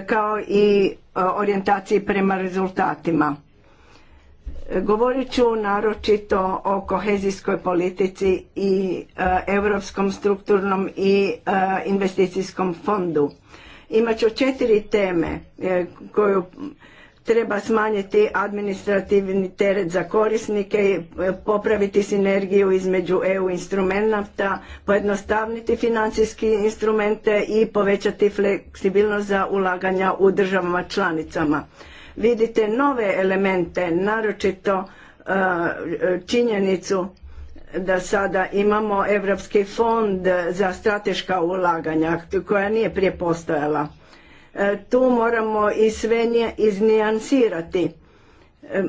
kao i orijentaciji prema rezultatima. Govorit ću naročito o kohezijskoj politici i europskom strukturnom i investicijskom fondu Imat ću četiri teme e, koju treba smanjiti administrativni teret za korisnike, e, popraviti sinergiju između EU instrumenata, pojednostavniti financijski instrumente i povećati fleksibilnost za ulaganja u državama članicama. Vidite nove elemente, naročito e, činjenicu da sada imamo Europski fond za strateška ulaganja koja nije prije postojala. E, tu moramo i sve nje iznijansirati. E,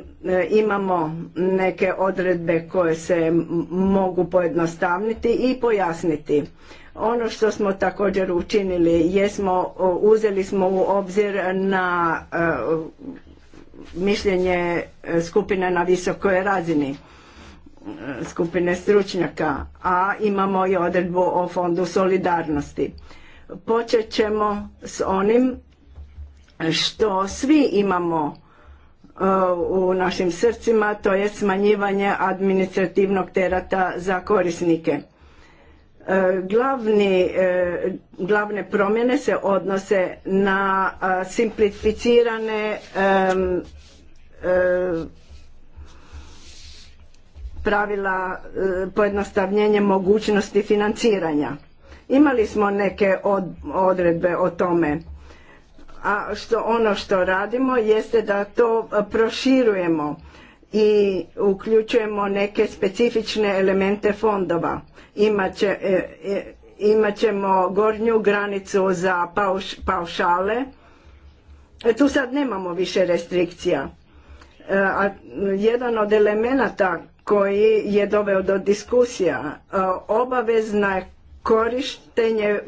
imamo neke odredbe koje se mogu pojednostavniti i pojasniti. Ono što smo također učinili jesmo, uzeli smo u obzir na e, mišljenje skupine na visokoj razini skupine stručnjaka, a imamo i odredbu o fondu solidarnosti. Počet ćemo s onim što svi imamo e, u našim srcima, to je smanjivanje administrativnog terata za korisnike. E, glavni, e, glavne promjene se odnose na simplificirane pravila e, pojednostavljenje mogućnosti financiranja. Imali smo neke odredbe o tome. A što ono što radimo jeste da to proširujemo i uključujemo neke specifične elemente fondova. Imaće, e, e, imat ćemo gornju granicu za pauš, paušale. Tu sad nemamo više restrikcija. A jedan od elemenata koji je doveo do diskusija. E, obavezna je korištenje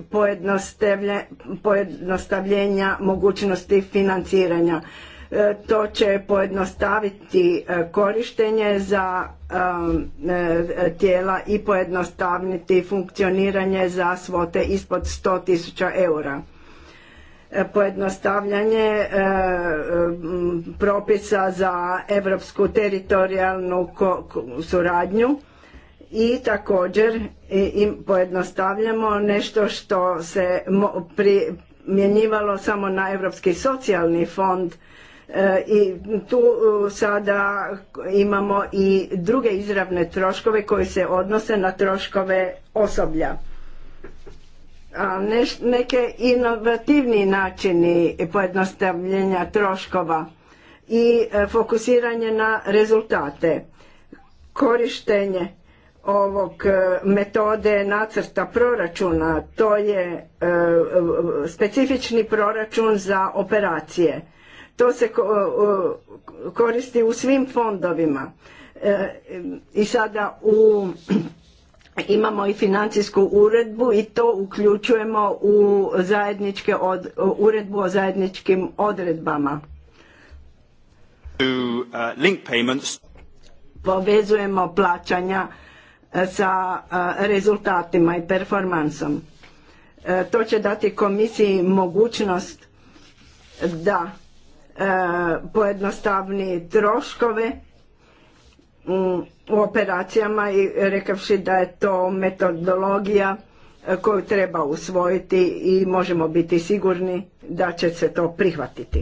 pojednostavljenja mogućnosti financiranja. E, to će pojednostaviti e, korištenje za tijela i pojednostavniti funkcioniranje za svote ispod 100.000 eura E, pojednostavljanje e, e, propisa za europsku teritorijalnu suradnju i također im pojednostavljamo nešto što se primjenjivalo samo na Europski socijalni fond i tu sada imamo i druge izravne troškove koji se odnose na troškove osoblja a neke inovativni načini pojednostavljenja troškova i e, fokusiranje na rezultate. Korištenje ovog e, metode nacrta proračuna, to je e, specifični proračun za operacije. To se koristi u svim fondovima. I sada u Imamo i financijsku uredbu i to uključujemo u zajedničke od, uredbu o zajedničkim odredbama. Uh, Povezujemo plaćanja uh, sa uh, rezultatima i performansom. To će dati komisiji mogućnost da pojednostavni troškove u operacijama i rekavši da je to metodologija e, koju treba usvojiti i možemo biti sigurni da će se to prihvatiti.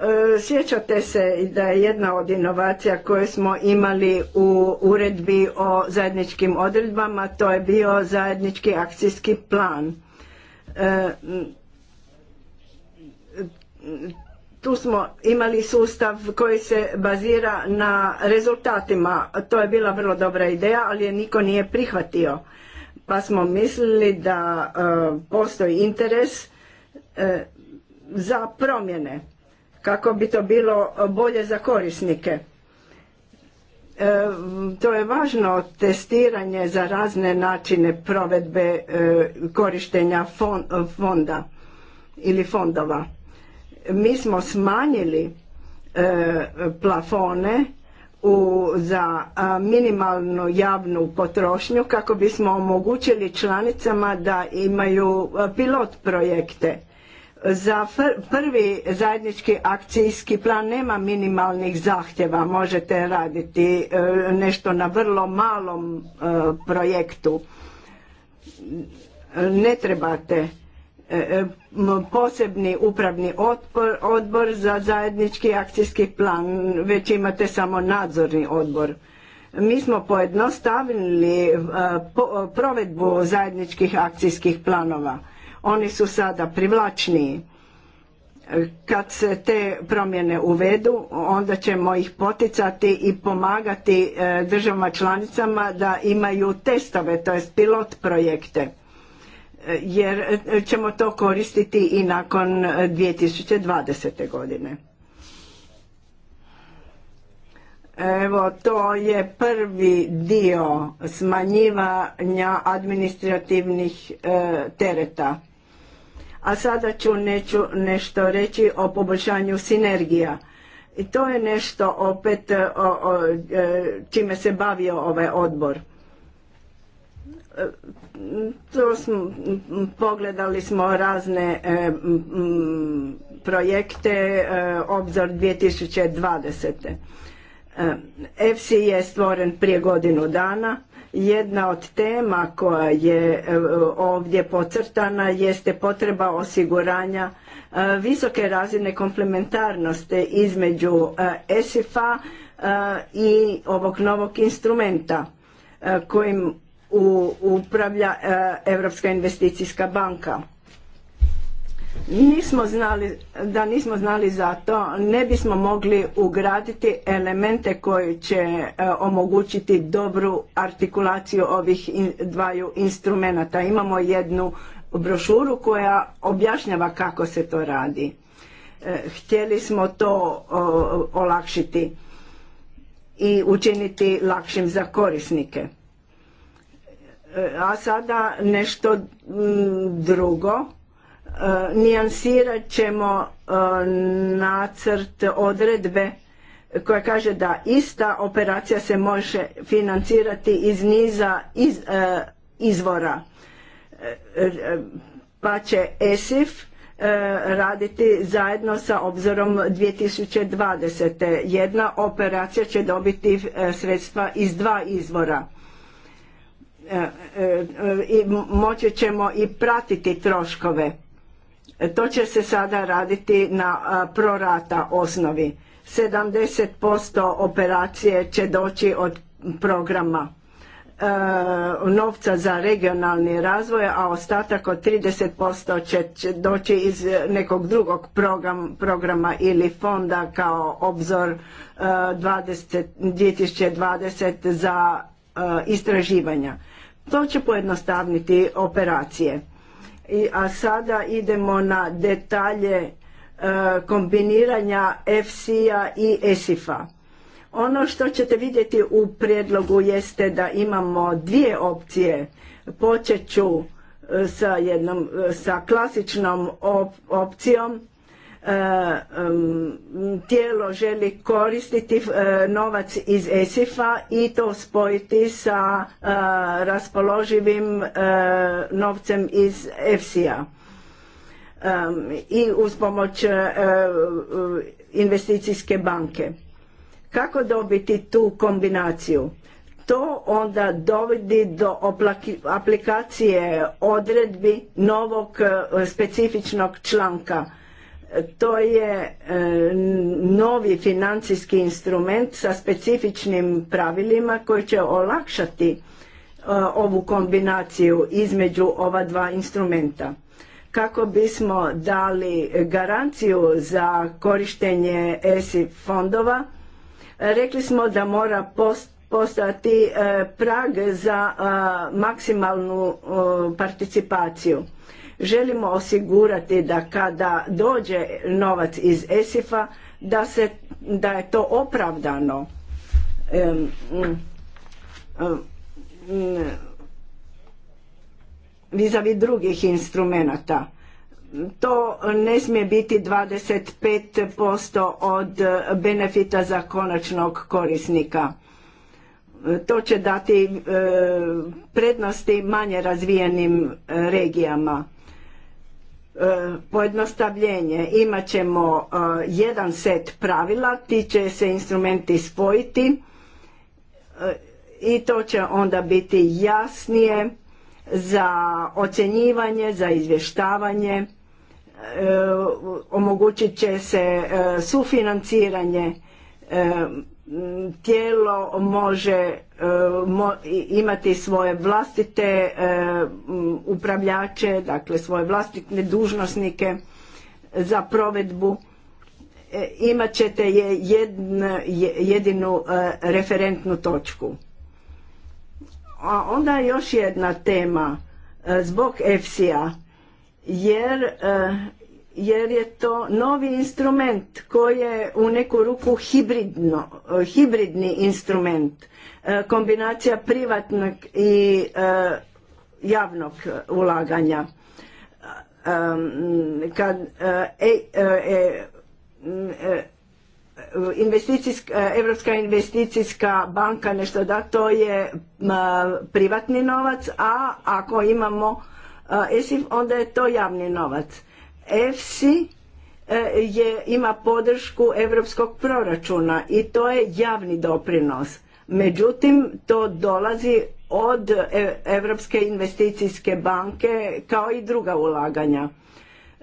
E, sjećate se da je jedna od inovacija koje smo imali u uredbi o zajedničkim odredbama, to je bio zajednički akcijski plan. E, tu smo imali sustav koji se bazira na rezultatima. To je bila vrlo dobra ideja, ali je niko nije prihvatio. Pa smo mislili da e, postoji interes e, za promjene, kako bi to bilo bolje za korisnike. E, to je važno testiranje za razne načine provedbe korištenja fonda ili fondova mi smo smanjili e, plafone u, za minimalnu javnu potrošnju kako bismo omogućili članicama da imaju pilot projekte. Za prvi zajednički akcijski plan nema minimalnih zahtjeva, možete raditi e, nešto na vrlo malom e, projektu. Ne trebate E, e, posebni upravni odbor, za zajednički akcijski plan, već imate samo nadzorni odbor. Mi smo pojednostavili e, provedbu zajedničkih akcijskih planova. Oni su sada privlačniji. Kad se te promjene uvedu, onda ćemo ih poticati i pomagati državama članicama da imaju testove, to jest pilot projekte jer e, ćemo to koristiti i nakon 2020. E, godine. Evo, to je prvi dio smanjivanja administrativnih e, tereta. A sada ću neću nešto reći o poboljšanju sinergija. I to je nešto opet čime se bavio ovaj odbor to smo, pogledali smo razne e, m, projekte e, obzor 2020. EFSI je stvoren prije godinu dana. Jedna od tema koja je e, ovdje pocrtana jeste potreba osiguranja e, visoke razine komplementarnosti između ESIF-a e, i ovog novog instrumenta kojim upravlja Europska investicijska banka. Nismo znali, da nismo znali za to, ne bismo mogli ugraditi elemente koji će e, omogućiti dobru artikulaciju ovih dvaju instrumenata. Imamo jednu brošuru koja objašnjava kako se to radi. E, htjeli smo to olakšiti i učiniti lakšim za korisnike a sada nešto mm, drugo. E, nijansirat ćemo e, nacrt odredbe koja kaže da ista operacija se može financirati iz niza iz, e, izvora. Pa će ESIF raditi zajedno sa obzorom 2020. Jedna operacija će dobiti sredstva iz dva izvora E, e, i moći ćemo i pratiti troškove. E, to će se sada raditi na prorata osnovi. 70% operacije će doći od programa novca za regionalni razvoj, a ostatak od 30% će, doći iz nekog drugog programa ili fonda kao obzor 2020 za istraživanja. To će pojednostavniti operacije. I, a sada idemo na detalje e, kombiniranja FC-a i ESIF-a. Ono što ćete vidjeti u prijedlogu jeste da imamo dvije opcije. Počet ću e, sa jednom, e, sa klasičnom opcijom E, e, tijelo želi koristiti e, novac iz ESIF-a i to spojiti sa raspoloživim novcem iz EFSI-a i uz pomoć investicijske banke. Kako dobiti tu kombinaciju? To onda dovodi do aplikacije odredbi novog specifičnog članka to je e, novi financijski instrument sa specifičnim pravilima koji će olakšati e, ovu kombinaciju između ova dva instrumenta kako bismo dali garanciju za korištenje ESI fondova rekli smo da mora postati e, prag za maksimalnu participaciju Želimo osigurati da kada dođe novac iz ESIF-a da, se, da je to opravdano. Mm, mm, mm, vizavi drugih instrumenata. To ne smije biti 25% od benefita za konačnog korisnika. To će dati e, prednosti manje razvijenim regijama. E, pojednostavljenje. Imat ćemo e, jedan set pravila, ti će se instrumenti spojiti e, i to će onda biti jasnije za ocjenjivanje, za izvještavanje, omogućit će se sufinanciranje tijelo može e, imati svoje vlastite e, upravljače, dakle svoje vlastitne dužnosnike za provedbu. E, imat ćete jednu, jedinu referentnu točku. A onda još jedna tema zbog EFSI-a jer jer je to novi instrument koji je u neku ruku hibridno, hibridni instrument, e, kombinacija privatnog i e, javnog ulaganja. E, kad investicijska, Evropska investicijska banka nešto da, to je privatni novac, a ako imamo ESIF, onda je to javni novac EFSI je, ima podršku europskog proračuna i to je javni doprinos. Međutim, to dolazi od Europske investicijske banke kao i druga ulaganja.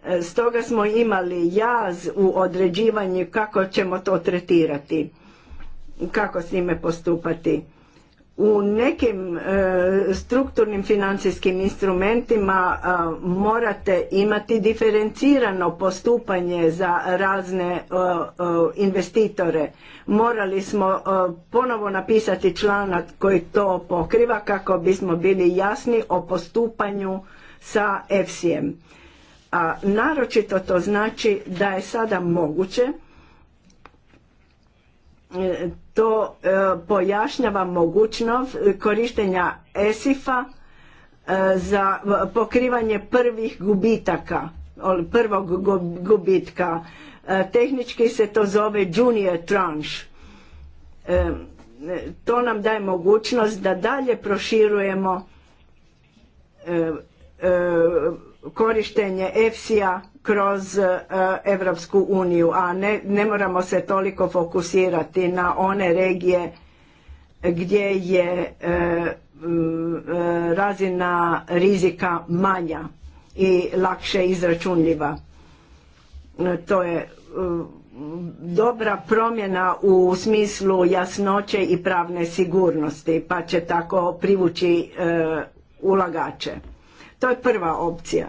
E, stoga smo imali jaz u određivanju kako ćemo to tretirati, kako s njime postupati u nekim e, strukturnim financijskim instrumentima e, morate imati diferencirano postupanje za razne e, investitore. Morali smo ponovo napisati članak koji to pokriva kako bismo bili jasni o postupanju sa efsi A naročito to znači da je sada moguće to e, pojašnjava mogućnost korištenja ESIF-a e, za pokrivanje prvih gubitaka, prvog gubitka. E, tehnički se to zove junior tranche. To nam daje mogućnost da dalje proširujemo korištenje EFSI-a kroz europsku uniju, a ne, moramo se toliko fokusirati na one regije gdje je e, e, razina rizika manja i lakše izračunljiva. E, to je dobra promjena u smislu jasnoće i pravne sigurnosti, pa će tako privući ulagače. To je prva opcija.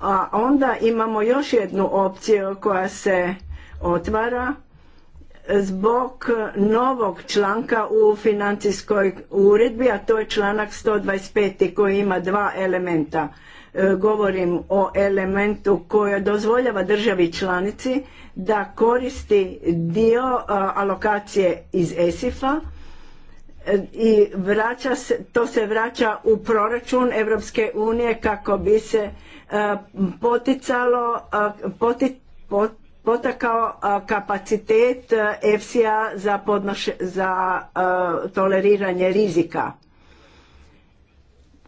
A onda imamo još jednu opciju koja se otvara zbog novog članka u financijskoj uredbi, a to je članak 125. koji ima dva elementa. E, govorim o elementu koji dozvoljava državi članici da koristi dio alokacije iz ESIF-a i vraća se, to se vraća u proračun Europske unije kako bi se e, poticalo potakao kapacitet efsi za, za e, toleriranje rizika.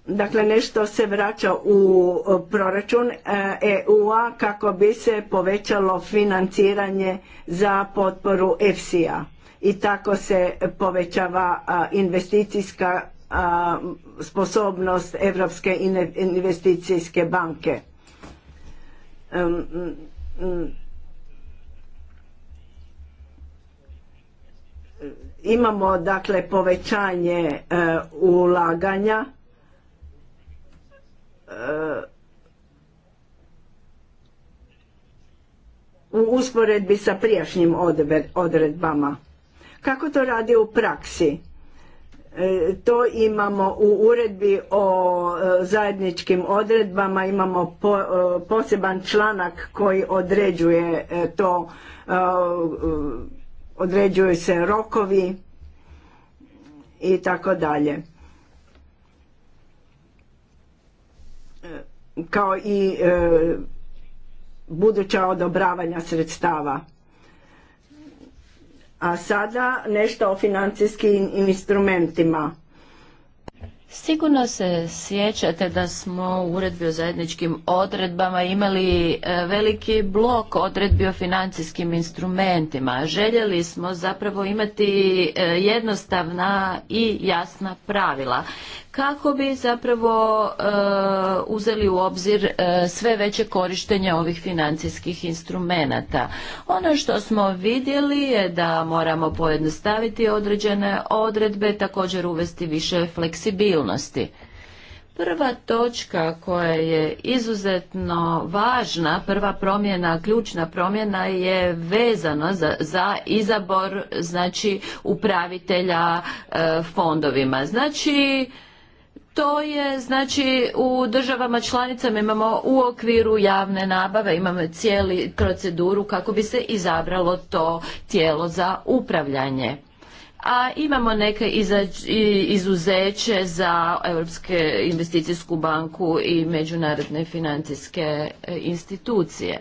Dakle, nešto se vraća u proračun EU-a e kako bi se povećalo financiranje za potporu efsi i tako se povećava investicijska sposobnost Europske investicijske banke. Imamo dakle povećanje e, ulaganja e, u usporedbi sa prijašnjim odredbama kako to radi u praksi? E, to imamo u uredbi o e, zajedničkim odredbama, imamo e, poseban članak koji određuje to, određuju se rokovi i tako dalje. Kao i buduća odobravanja sredstava. A sada nešto o financijskim instrumentima. Sigurno se sjećate da smo u uredbi o zajedničkim odredbama imali e, veliki blok odredbi o financijskim instrumentima. Željeli smo zapravo imati e, jednostavna i jasna pravila kako bi zapravo eh, uzeli u obzir eh, sve veće korištenje ovih financijskih instrumenata. Ono što smo vidjeli je da moramo pojednostaviti određene odredbe, također uvesti više fleksibilnosti. Prva točka koja je izuzetno važna, prva promjena, ključna promjena je vezana za, za izabor znači upravitelja eh, fondovima. Znači to je znači u državama članicama imamo u okviru javne nabave imamo cijeli proceduru kako bi se izabralo to tijelo za upravljanje a imamo neke izuzeće za Europske investicijsku banku i međunarodne financijske e, institucije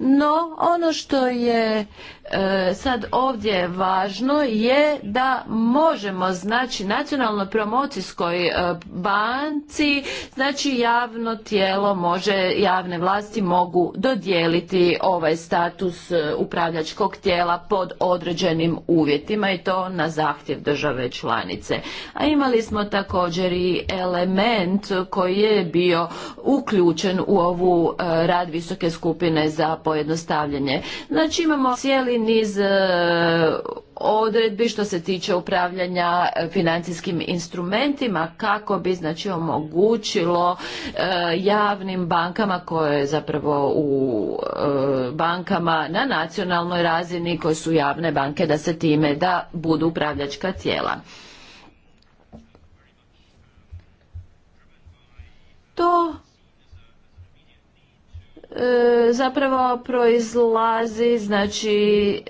no ono što je e, sad ovdje važno je da možemo znači nacionalnoj promocijskoj e, banci znači javno tijelo može javne vlasti mogu dodijeliti ovaj status e, upravljačkog tijela pod određenim uvjetima i to na zahtjev države članice a imali smo također i element koji je bio uključen u ovu rad visoke skupine za pojednostavljanje. Znači imamo cijeli niz e, odredbi što se tiče upravljanja e, financijskim instrumentima kako bi znači omogućilo e, javnim bankama koje zapravo u bankama na nacionalnoj razini koje su javne banke da se time da budu upravljačka tijela. To E, zapravo proizlazi znači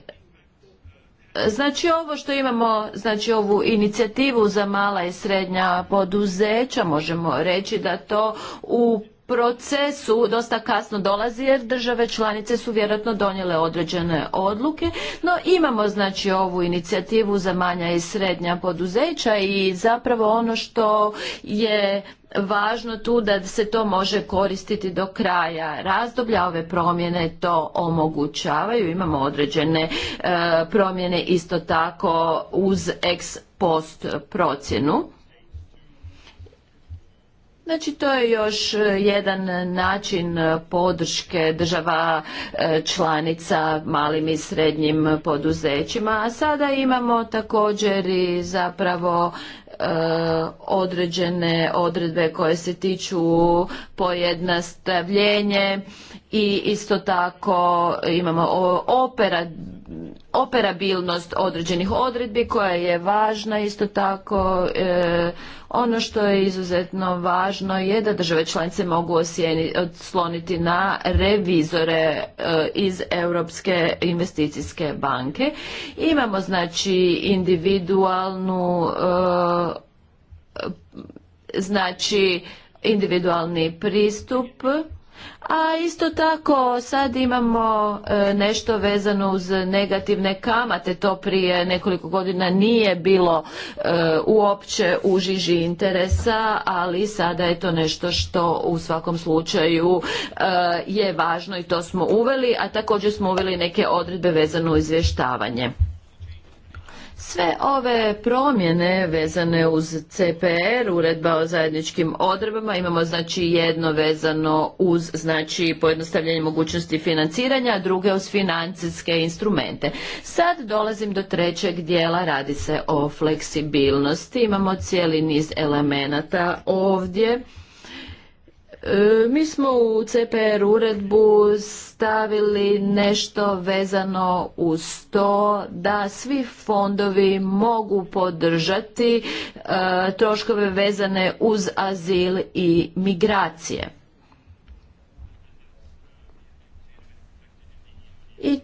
Znači ovo što imamo, znači ovu inicijativu za mala i srednja poduzeća, možemo reći da to u procesu dosta kasno dolazi jer države članice su vjerojatno donijele određene odluke, no imamo znači ovu inicijativu za manja i srednja poduzeća i zapravo ono što je važno tu da se to može koristiti do kraja razdoblja. Ove promjene to omogućavaju. Imamo određene e, promjene isto tako uz ex post procjenu. Znači to je još e, jedan način e, podrške država e, članica malim i srednjim poduzećima, a sada imamo također i zapravo određene odredbe koje se tiču pojednostavljenje i isto tako imamo opera operabilnost određenih odredbi koja je važna isto tako e, ono što je izuzetno važno je da države članice mogu odsloniti na revizore e, iz Europske investicijske banke. Imamo znači individualnu e, znači individualni pristup a isto tako sad imamo e, nešto vezano uz negativne kamate, to prije nekoliko godina nije bilo e, uopće u žiži interesa, ali sada je to nešto što u svakom slučaju e, je važno i to smo uveli, a također smo uveli neke odredbe vezano uz izvještavanje. Sve ove promjene vezane uz CPR, uredba o zajedničkim odredbama, imamo znači jedno vezano uz znači pojednostavljanje mogućnosti financiranja, a druge uz financijske instrumente. Sad dolazim do trećeg dijela, radi se o fleksibilnosti. Imamo cijeli niz elemenata ovdje E, mi smo u CPR uredbu stavili nešto vezano uz to da svi fondovi mogu podržati e, troškove vezane uz azil i migracije. I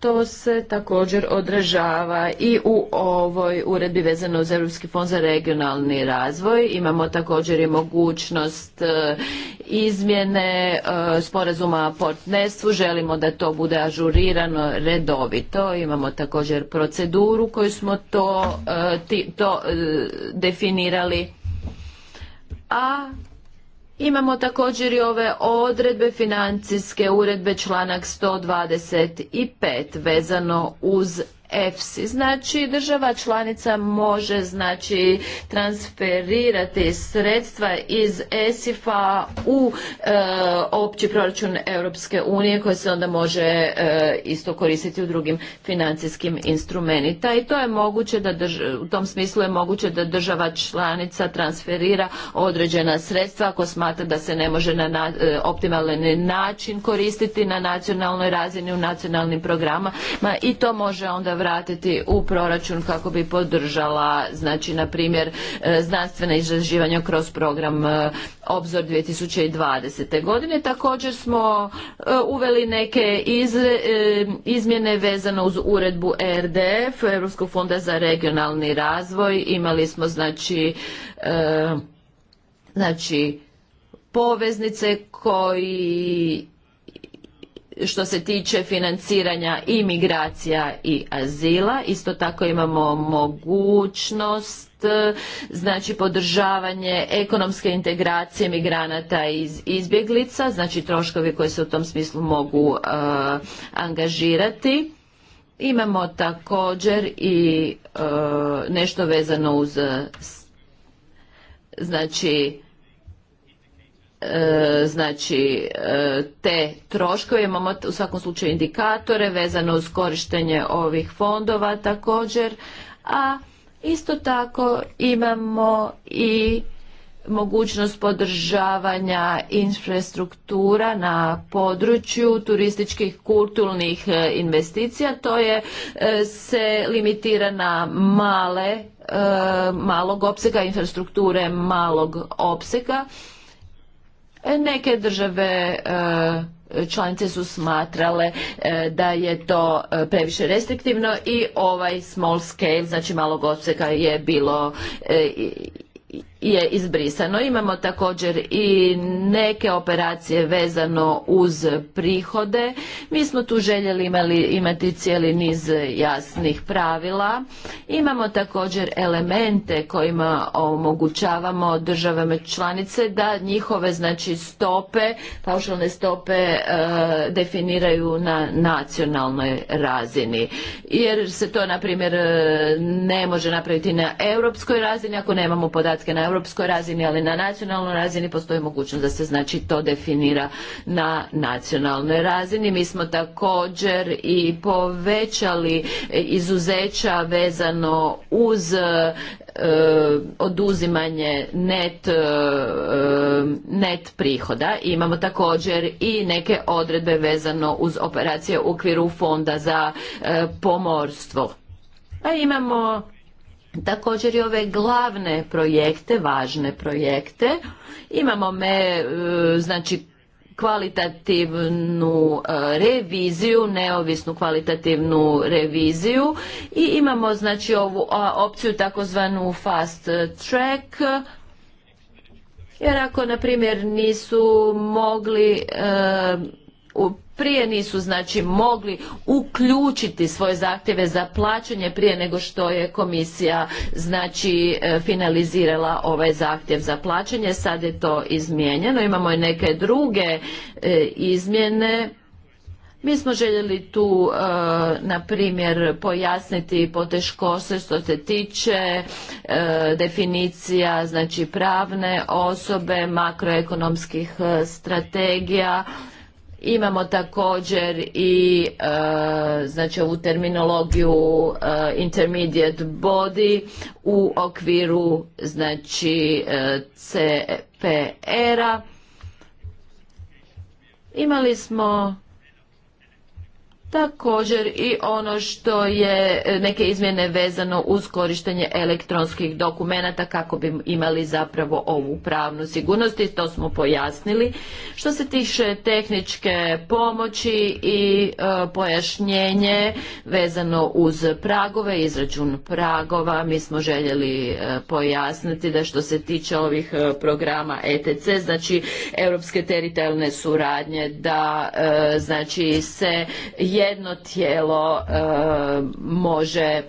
to se također odražava i u ovoj uredbi vezano uz Europski fond za regionalni razvoj. Imamo također i mogućnost e, izmjene e, sporazuma o partnerstvu. Želimo da to bude ažurirano redovito. Imamo također proceduru koju smo to, e, to definirali. A Imamo također i ove odredbe financijske uredbe članak 125 vezano uz EFSI. Znači država članica može znači transferirati sredstva iz ESIF-a u e, opći proračun Europske unije koje se onda može e, isto koristiti u drugim financijskim instrumentima i to je moguće da u tom smislu je moguće da država članica transferira određena sredstva ako smatra da se ne može na, na e, optimalan način koristiti na nacionalnoj razini u nacionalnim programama i to može onda vratiti u proračun kako bi podržala znači na primjer e, znanstvena izraživanja kroz program e, Obzor 2020. godine. Također smo e, uveli neke izmjene vezano uz uredbu ERDF, Europskog fonda za regionalni razvoj. Imali smo znači znači poveznice koji što se tiče financiranja i migracija i azila. Isto tako imamo mogućnost e, znači podržavanje ekonomske integracije migranata iz izbjeglica, znači troškovi koji se u tom smislu mogu e, angažirati. Imamo također i e, nešto vezano uz znači E, znači e, te troškove imamo u svakom slučaju indikatore vezano uz korištenje ovih fondova također a isto tako imamo i mogućnost podržavanja infrastruktura na području turističkih kulturnih e, investicija to je se limitira na male malog opsega infrastrukture malog opsega Neke države e, članice su smatrale e, da je to e, previše restriktivno i ovaj small scale, znači malog odseka je bilo je izbrisano. Imamo također i neke operacije vezano uz prihode. Mi smo tu željeli imali, imati cijeli niz jasnih pravila. Imamo također elemente kojima omogućavamo državama članice da njihove znači stope, paušalne stope e, definiraju na nacionalnoj razini. Jer se to na primjer e, ne može napraviti na europskoj razini ako nemamo podatke na europskoj razini, ali na nacionalnoj razini postoji mogućnost da se znači to definira na nacionalnoj razini. Mi smo također i povećali izuzeća vezano uz e, oduzimanje net, e, net prihoda. Imamo također i neke odredbe vezano uz operacije u okviru fonda za e, pomorstvo. A imamo Također i ove glavne projekte, važne projekte. Imamo me, e, znači, kvalitativnu e, reviziju, neovisnu kvalitativnu reviziju i imamo znači ovu opciju takozvanu fast track jer ako na primjer nisu mogli e, prije nisu znači mogli uključiti svoje zahtjeve za plaćanje prije nego što je komisija znači e, finalizirala ovaj zahtjev za plaćanje sad je to izmijenjeno imamo i neke druge e, izmjene mi smo željeli tu, e, na primjer, pojasniti poteškoće što se tiče definicija znači pravne osobe, makroekonomskih strategija, Imamo također i e, znači ovu terminologiju e, intermediate body u okviru znači e, CPR-a. Imali smo Također i ono što je e, neke izmjene vezano uz korištenje elektronskih dokumenata kako bi imali zapravo ovu pravnu sigurnost i to smo pojasnili. Što se tiče tehničke pomoći i e, pojašnjenje vezano uz pragove, izračun pragova, mi smo željeli e, pojasniti da što se tiče ovih programa ETC, znači Europske teritorijalne suradnje, da znači se jedno tijelo e, može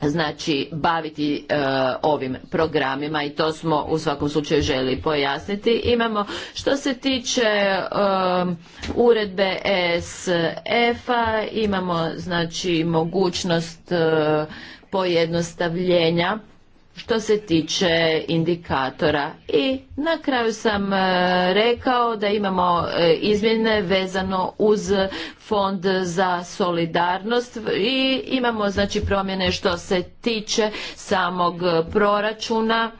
znači baviti e, ovim programima i to smo u svakom slučaju želi pojasniti. Imamo što se tiče e, uredbe ESF-a, imamo znači mogućnost pojednostavljenja što se tiče indikatora. I na kraju sam e, rekao da imamo e, izmjene vezano uz fond za solidarnost i imamo znači promjene što se tiče samog proračuna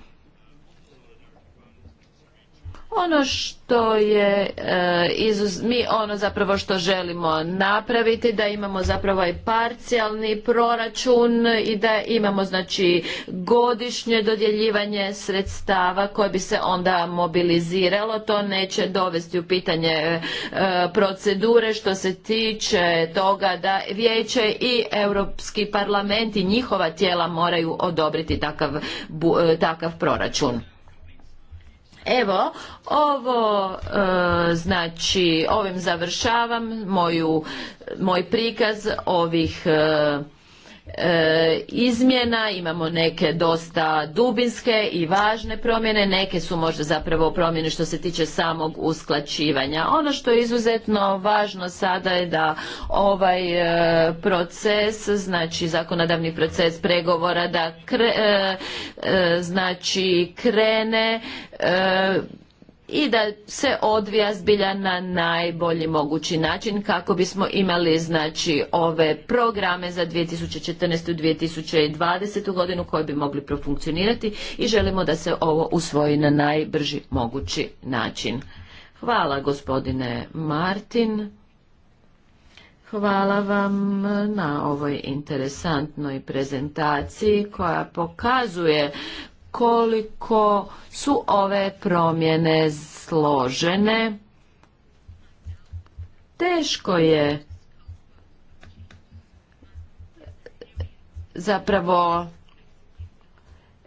ono što je e, mi ono zapravo što želimo napraviti da imamo zapravo i parcijalni proračun i da imamo znači godišnje dodjeljivanje sredstava koje bi se onda mobiliziralo. To neće dovesti u pitanje e, procedure što se tiče toga da vijeće i Europski parlament i njihova tijela moraju odobriti takav, e, takav proračun. Evo, ovo e, znači ovim završavam moju, moj prikaz ovih e, E, izmjena, imamo neke dosta dubinske i važne promjene, neke su možda zapravo promjene što se tiče samog usklačivanja. Ono što je izuzetno važno sada je da ovaj e, proces, znači zakonodavni proces pregovora da e, znači krene i da se odvija zbilja na najbolji mogući način kako bismo imali znači ove programe za 2014. i 2020. godinu koji bi mogli profunkcionirati i želimo da se ovo usvoji na najbrži mogući način. Hvala gospodine Martin. Hvala vam na ovoj interesantnoj prezentaciji koja pokazuje koliko su ove promjene složene. Teško je zapravo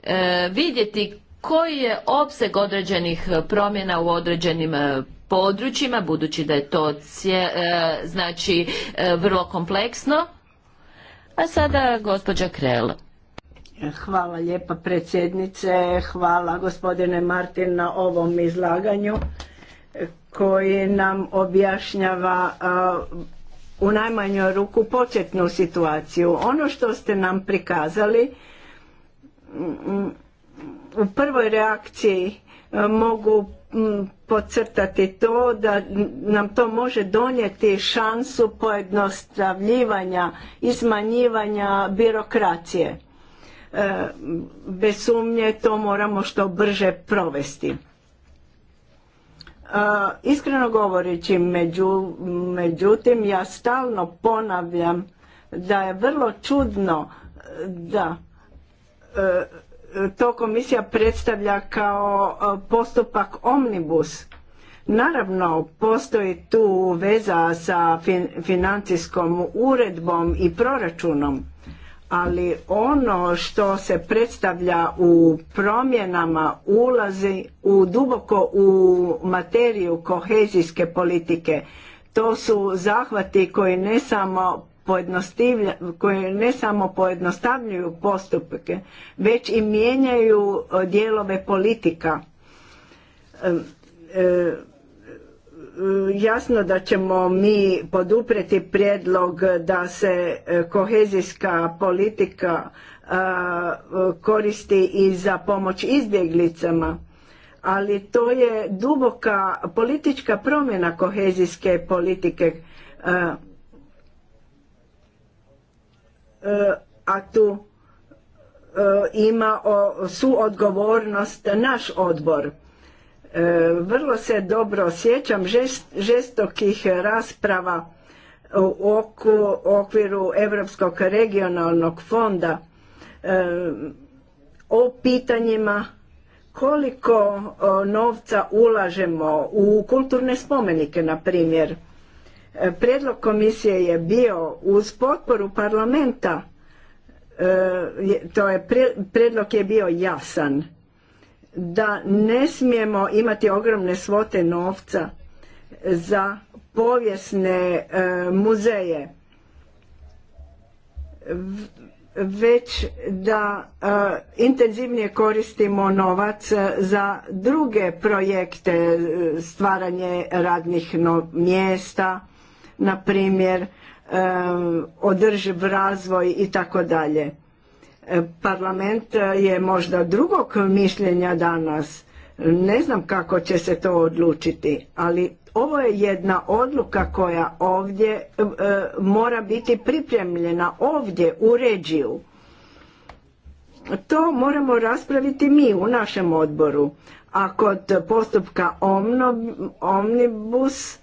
e, vidjeti koji je opseg određenih promjena u određenim e, područjima, budući da je to e, znači vrlo kompleksno. A sada gospođa Krela. Hvala lijepa predsjednice, hvala gospodine Martin na ovom izlaganju koji nam objašnjava u najmanju ruku početnu situaciju. Ono što ste nam prikazali mm, u prvoj reakciji mogu mm, podcrtati to da nam to može donijeti šansu pojednostavljivanja i smanjivanja birokracije E, bez sumnje to moramo što brže provesti. E, iskreno govoreći, međutim, ja stalno ponavljam da je vrlo čudno da e, to komisija predstavlja kao postupak omnibus. Naravno, postoji tu veza sa financijskom uredbom i proračunom, ali ono što se predstavlja u promjenama ulazi u duboko u materiju kohezijske politike. To su zahvati koji ne samo koji ne samo pojednostavljuju postupke, već i mijenjaju dijelove politika. E, e, E, jasno da ćemo mi poduprijeti prijedlog da se e, kohezijska politika e, koristi i za pomoć izbjeglicama ali to je duboka politička promjena kohezijske politike a tu ima su odgovornost naš odbor E, vrlo se dobro sjećam žestokih rasprava u okviru Europskog regionalnog fonda e, o pitanjima koliko novca ulažemo u kulturne spomenike, na primjer. E, prijedlog komisije je bio uz potporu parlamenta, to je, prijedlog je bio jasan da ne smijemo imati ogromne svote novca za povijesne e, muzeje već da e, intenzivnije koristimo novac za druge projekte e, stvaranje radnih mjesta na primjer održiv razvoj i tako dalje Parlament e, je možda drugog mišljenja danas. Ne znam kako će se to odlučiti, ali ovo je jedna odluka koja ovdje e, e, mora biti pripremljena ovdje u ređiju. To moramo raspraviti mi u našem odboru. A kod postupka omnibus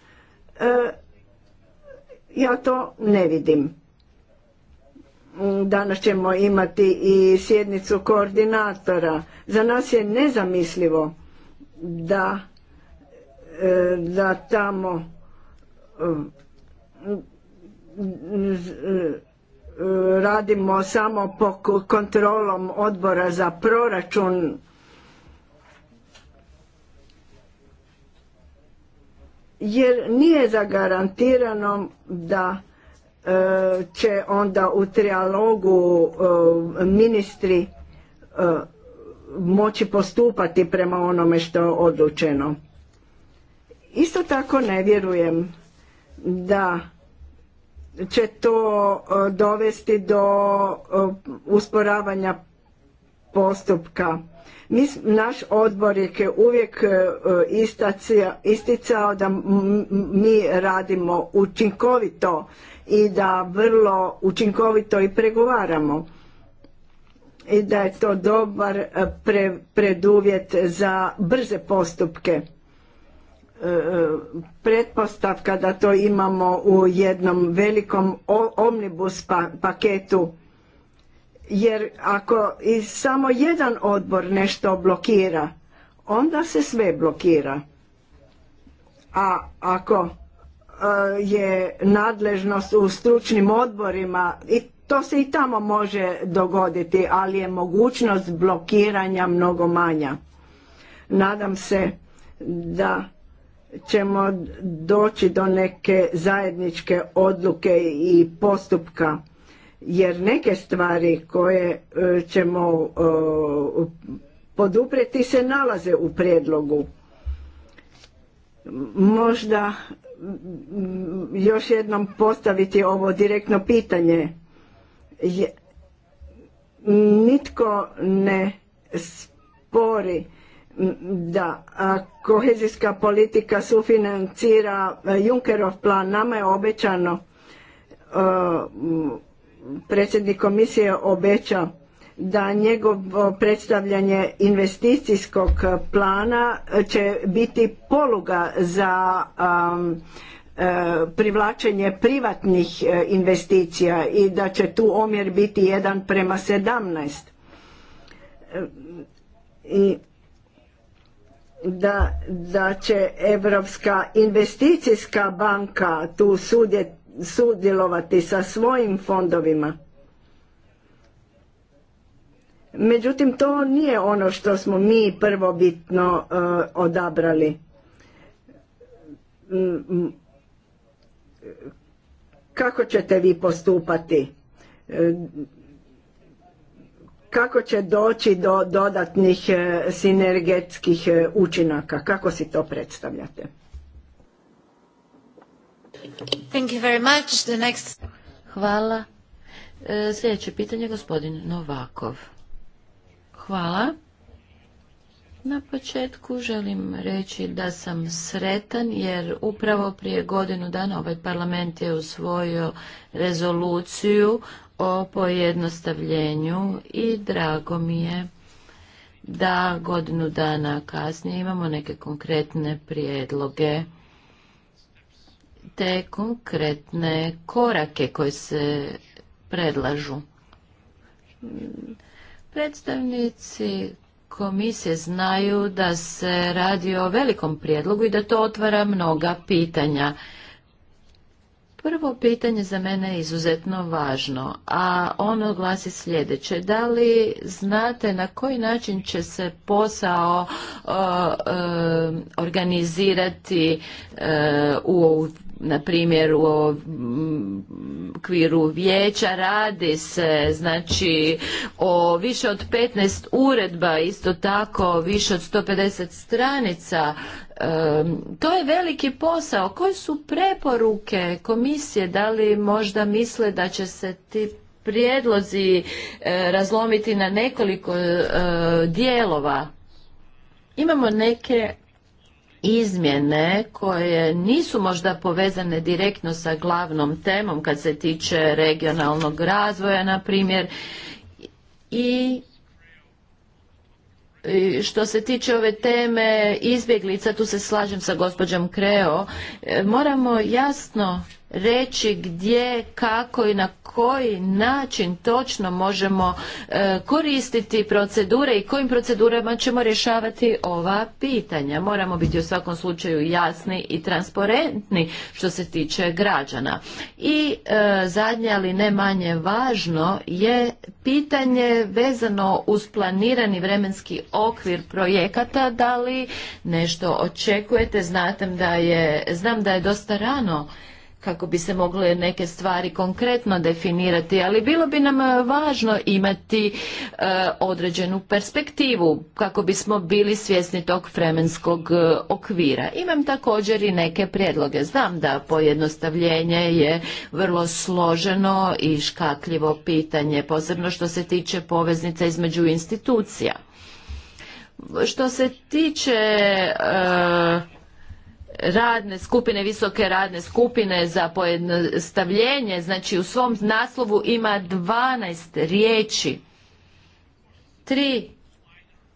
ja to ne vidim. Danas ćemo imati i sjednicu koordinatora. Za nas je nezamislivo da, e, da tamo e, radimo samo po kontrolom odbora za proračun jer nije zagarantirano da će onda u trialogu e, ministri e, moći postupati prema onome što je odlučeno. Isto tako ne vjerujem da će to e, dovesti do usporavanja postupka. naš odbor je uvijek isticao da mi radimo učinkovito i da vrlo učinkovito i pregovaramo i da je to dobar e, preduvjet za brze postupke. E, e, pretpostavka da to imamo u jednom velikom omnibus pa, paketu jer ako i samo jedan odbor nešto blokira onda se sve blokira a ako Eh, je nadležnost u stručnim odborima i to se i tamo može dogoditi, ali je mogućnost blokiranja mnogo manja. Nadam se da ćemo doći do neke zajedničke odluke i postupka jer neke stvari koje eh, ćemo eh, poduprijeti se nalaze u prijedlogu. Možda još jednom postaviti ovo direktno pitanje. Je, nitko ne spori da kohezijska politika sufinancira Junkerov plan. Nama je obećano, predsjednik komisije obeća da njegovo predstavljanje investicijskog plana e, će biti poluga za e, privlačenje privatnih e, investicija i da će tu omjer biti jedan prema 17. I da, da će Europska investicijska banka tu sudjelovati sa svojim fondovima Međutim, to nije ono što smo mi prvobitno e, odabrali. Mm, mm. Kako ćete vi postupati? E, kako će doći do dodatnih e, sinergetskih učinaka? Kako si to predstavljate? Thank you very much. The next... Hvala. Sljedeće pitanje, gospodin Novakov. Hvala. Na početku želim reći da sam sretan jer upravo prije godinu dana ovaj parlament je usvojio rezoluciju o pojednostavljenju i drago mi je da godinu dana kasnije imamo neke konkretne prijedloge te konkretne korake koji se predlažu Predstavnici komisije znaju da se radi o velikom prijedlogu i da to otvara mnoga pitanja. Prvo pitanje za mene je izuzetno važno, a ono glasi sljedeće. Da li znate na koji način će se posao uh, uh, organizirati uh, u na primjer u mm, kviru vijeća radi se znači o više od 15 uredba isto tako više od 150 stranica to je veliki posao. Koje su preporuke komisije? Da li možda misle da će se ti prijedlozi e, razlomiti na nekoliko e, dijelova? Imamo neke izmjene koje nisu možda povezane direktno sa glavnom temom kad se tiče regionalnog razvoja, na primjer, i što se tiče ove teme izbjeglica, tu se slažem sa gospođom Kreo, e, moramo jasno reći gdje, kako i na koji način točno možemo e, koristiti procedure i kojim procedurama ćemo rješavati ova pitanja. Moramo biti u svakom slučaju jasni i transparentni što se tiče građana. I e, zadnje, ali ne manje važno, je pitanje vezano uz planirani vremenski okvir projekata. Da li nešto očekujete? da je, znam da je dosta rano kako bi se mogle neke stvari konkretno definirati, ali bilo bi nam e, važno imati e, određenu perspektivu kako bismo bili svjesni tog vremenskog e, okvira. Imam također i neke prijedloge. Znam da pojednostavljenje je vrlo složeno i škakljivo pitanje, posebno što se tiče poveznica između institucija. Što se tiče radne skupine, visoke radne skupine za pojednostavljenje, znači u svom naslovu ima 12 riječi. Tri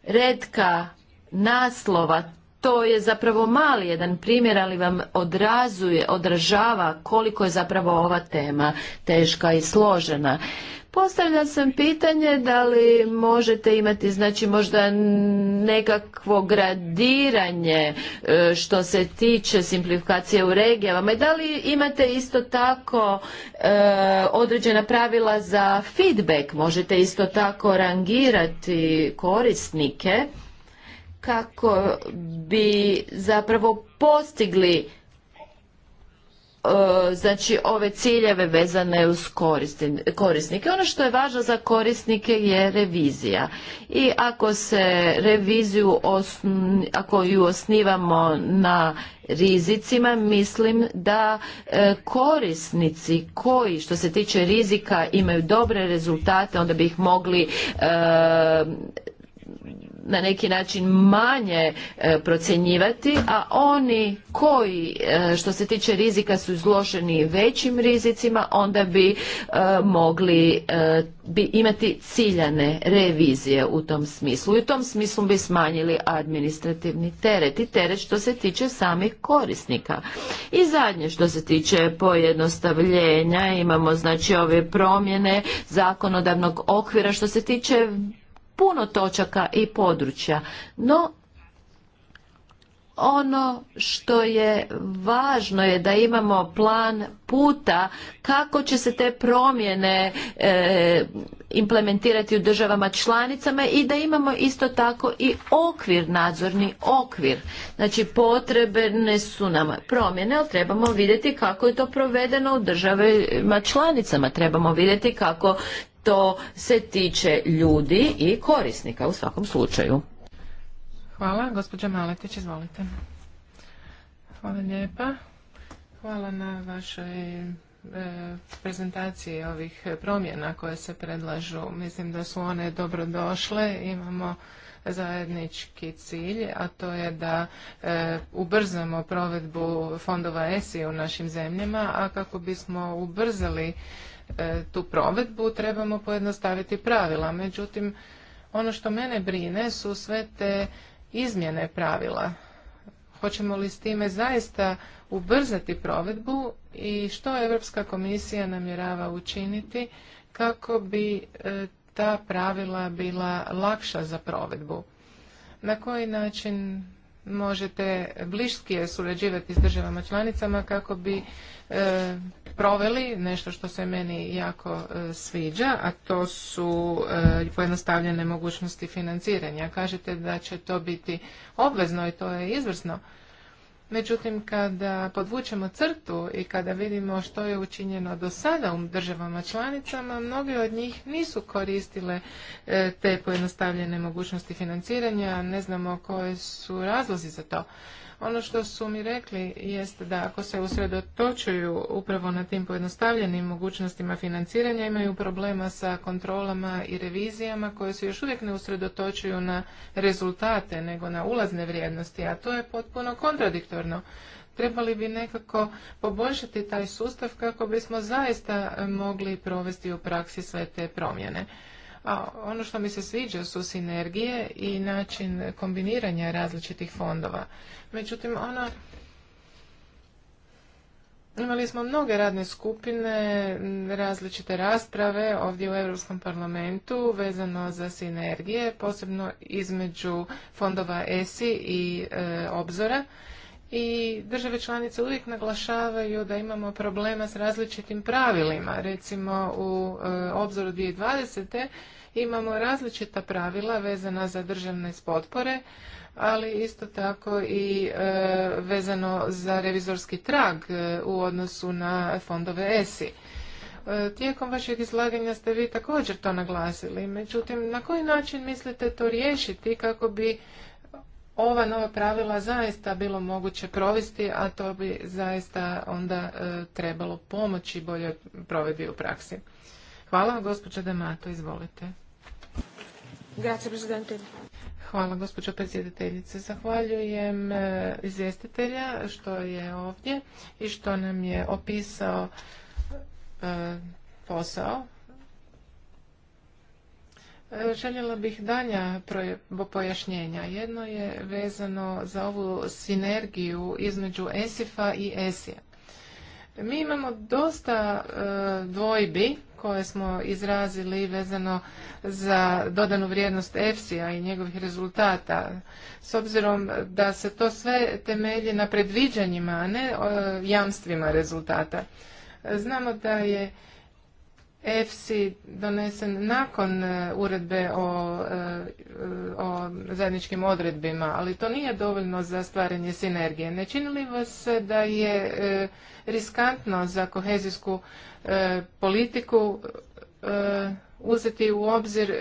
redka naslova, to je zapravo mali jedan primjer, ali vam odrazuje, odražava koliko je zapravo ova tema teška i složena. Postavlja sam pitanje da li možete imati znači možda nekakvo gradiranje e, što se tiče simplifikacije u regijama i da li imate isto tako e, određena pravila za feedback, možete isto tako rangirati korisnike kako bi zapravo postigli E, znači ove ciljeve vezane uz korisnike. Ono što je važno za korisnike je revizija. I ako se reviziju ako ju osnivamo na rizicima, mislim da e, korisnici koji što se tiče rizika imaju dobre rezultate, onda bi ih mogli e, na neki način manje e, procjenjivati, a oni koji e, što se tiče rizika su izloženi većim rizicima, onda bi e, mogli imati ciljane revizije u tom smislu. I u tom smislu bi smanjili administrativni teret i teret što se tiče samih korisnika. I zadnje što se tiče pojednostavljenja, imamo znači ove promjene zakonodavnog okvira što se tiče puno točaka i područja. No, ono što je važno je da imamo plan puta kako će se te promjene e, implementirati u državama članicama i da imamo isto tako i okvir, nadzorni okvir. Znači potrebne su nam promjene, ali trebamo vidjeti kako je to provedeno u državama članicama. Trebamo vidjeti kako to se tiče ljudi i korisnika u svakom slučaju. Hvala. Gospođa Maletić, izvolite. Hvala lijepa. Hvala na vašoj e, prezentaciji ovih promjena koje se predlažu. Mislim da su one dobro došle. Imamo zajednički cilj, a to je da e, ubrzamo provedbu fondova ESI u našim zemljama, a kako bismo ubrzali E, tu provedbu trebamo pojednostaviti pravila. Međutim, ono što mene brine su sve te izmjene pravila. Hoćemo li s time zaista ubrzati provedbu i što Europska komisija namjerava učiniti kako bi e, ta pravila bila lakša za provedbu? Na koji način možete bliskije surađivati s državama članicama kako bi e, proveli nešto što se meni jako e, sviđa, a to su e, pojednostavljene mogućnosti financiranja. Kažete da će to biti obvezno i to je izvrsno. Međutim, kada podvučemo crtu i kada vidimo što je učinjeno do sada u državama članicama, mnoge od njih nisu koristile e, te pojednostavljene mogućnosti financiranja, ne znamo koje su razlozi za to. Ono što su mi rekli jest da ako se usredotočuju upravo na tim pojednostavljenim mogućnostima financiranja, imaju problema sa kontrolama i revizijama koje se još uvijek ne usredotočuju na rezultate, nego na ulazne vrijednosti, a to je potpuno kontradiktorno trebali bi nekako poboljšati taj sustav kako bismo zaista mogli provesti u praksi sve te promjene ono što mi se sviđa su sinergije i način kombiniranja različitih fondova. Međutim, ona Imali smo mnoge radne skupine, različite rasprave ovdje u Europskom parlamentu vezano za sinergije, posebno između fondova ESI i e, obzora. I države članice uvijek naglašavaju da imamo problema s različitim pravilima. Recimo u e, obzoru 2020 Imamo različita pravila vezana za državne potpore, ali isto tako i e, vezano za revizorski trag e, u odnosu na fondove ESI. E, tijekom vašeg izlaganja ste vi također to naglasili. Međutim, na koji način mislite to riješiti kako bi ova nova pravila zaista bilo moguće provesti, a to bi zaista onda trebalo pomoći boljoj provedbi u praksi. Hvala, gospođa Damato, izvolite. Grazie, presidente. Hvala, gospođo predsjediteljice. Zahvaljujem e, izvjestitelja što je ovdje i što nam je opisao e, posao e, Željela bih danja pojašnjenja. Jedno je vezano za ovu sinergiju između ESIF-a i ESI-a. Mi imamo dosta e, dvojbi koje smo izrazili vezano za dodanu vrijednost EFSI-a i njegovih rezultata. S obzirom da se to sve temelji na predviđanjima, a ne e, jamstvima rezultata. Znamo da je EFSI donesen nakon e, uredbe e, o, zajedničkim odredbima, ali to nije dovoljno za stvaranje sinergije. Ne čini li vas da je e, riskantno za kohezijsku politiku uzeti u obzir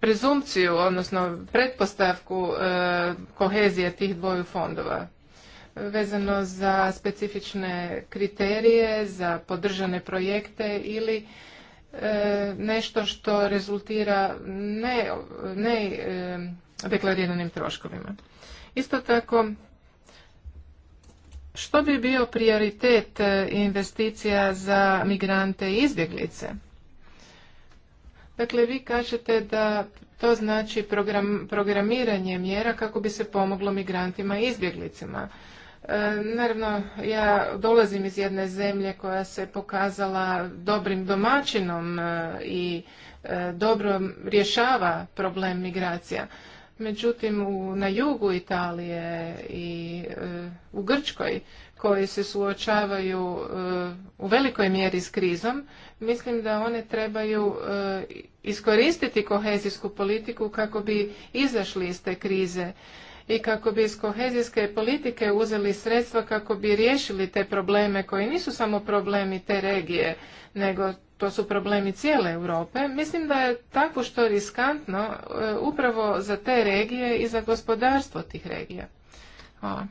prezumpciju, odnosno pretpostavku kohezije tih dvoju fondova? vezano za specifične kriterije, za podržane projekte ili e, nešto što rezultira ne, ne e, deklariranim troškovima. Isto tako, što bi bio prioritet e, investicija za migrante i izbjeglice? Dakle, vi kažete da to znači program, programiranje mjera kako bi se pomoglo migrantima i izbjeglicima. E, naravno, ja dolazim iz jedne zemlje koja se pokazala dobrim domaćinom e, i e, dobro rješava problem migracija. Međutim, na jugu Italije i u Grčkoj koji se suočavaju u velikoj mjeri s krizom, mislim da one trebaju iskoristiti kohezijsku politiku kako bi izašli iz te krize i kako bi iz kohezijske politike uzeli sredstva kako bi riješili te probleme koji nisu samo problemi te regije, nego to su problemi cijele Europe. Mislim da je tako što riskantno e, upravo za te regije i za gospodarstvo tih regija. Hvala.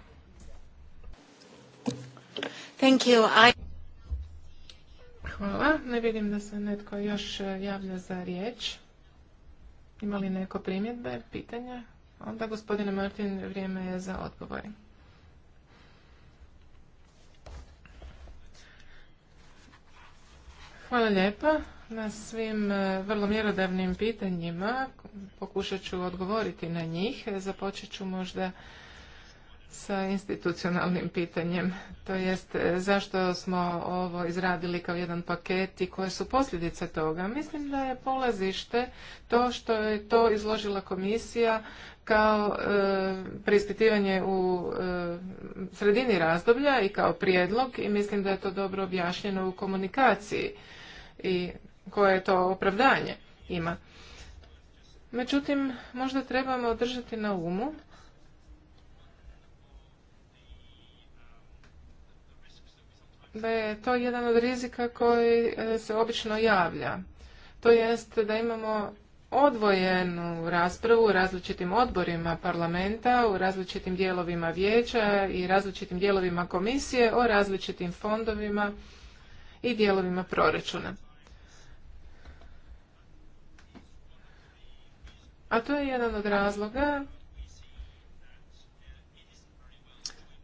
Ne vidim da se netko još e, javlja za riječ. Ima neko primjedbe, pitanja? Onda, gospodine Martin, vrijeme je za odgovor Hvala lijepa na svim e, vrlo mjerodavnim pitanjima. Pokušat ću odgovoriti na njih. Započet ću možda sa institucionalnim pitanjem. To jest e, zašto smo ovo izradili kao jedan paket i koje su posljedice toga. Mislim da je polazište to što je to izložila komisija kao e, preispitivanje u e, sredini razdoblja i kao prijedlog i mislim da je to dobro objašnjeno u komunikaciji i koje to opravdanje ima. Međutim, možda trebamo održati na umu da je to jedan od rizika koji e, se obično javlja. To jest da imamo odvojenu raspravu u različitim odborima parlamenta, u različitim dijelovima vijeća i različitim dijelovima komisije o različitim fondovima i dijelovima proračuna. A to je jedan od razloga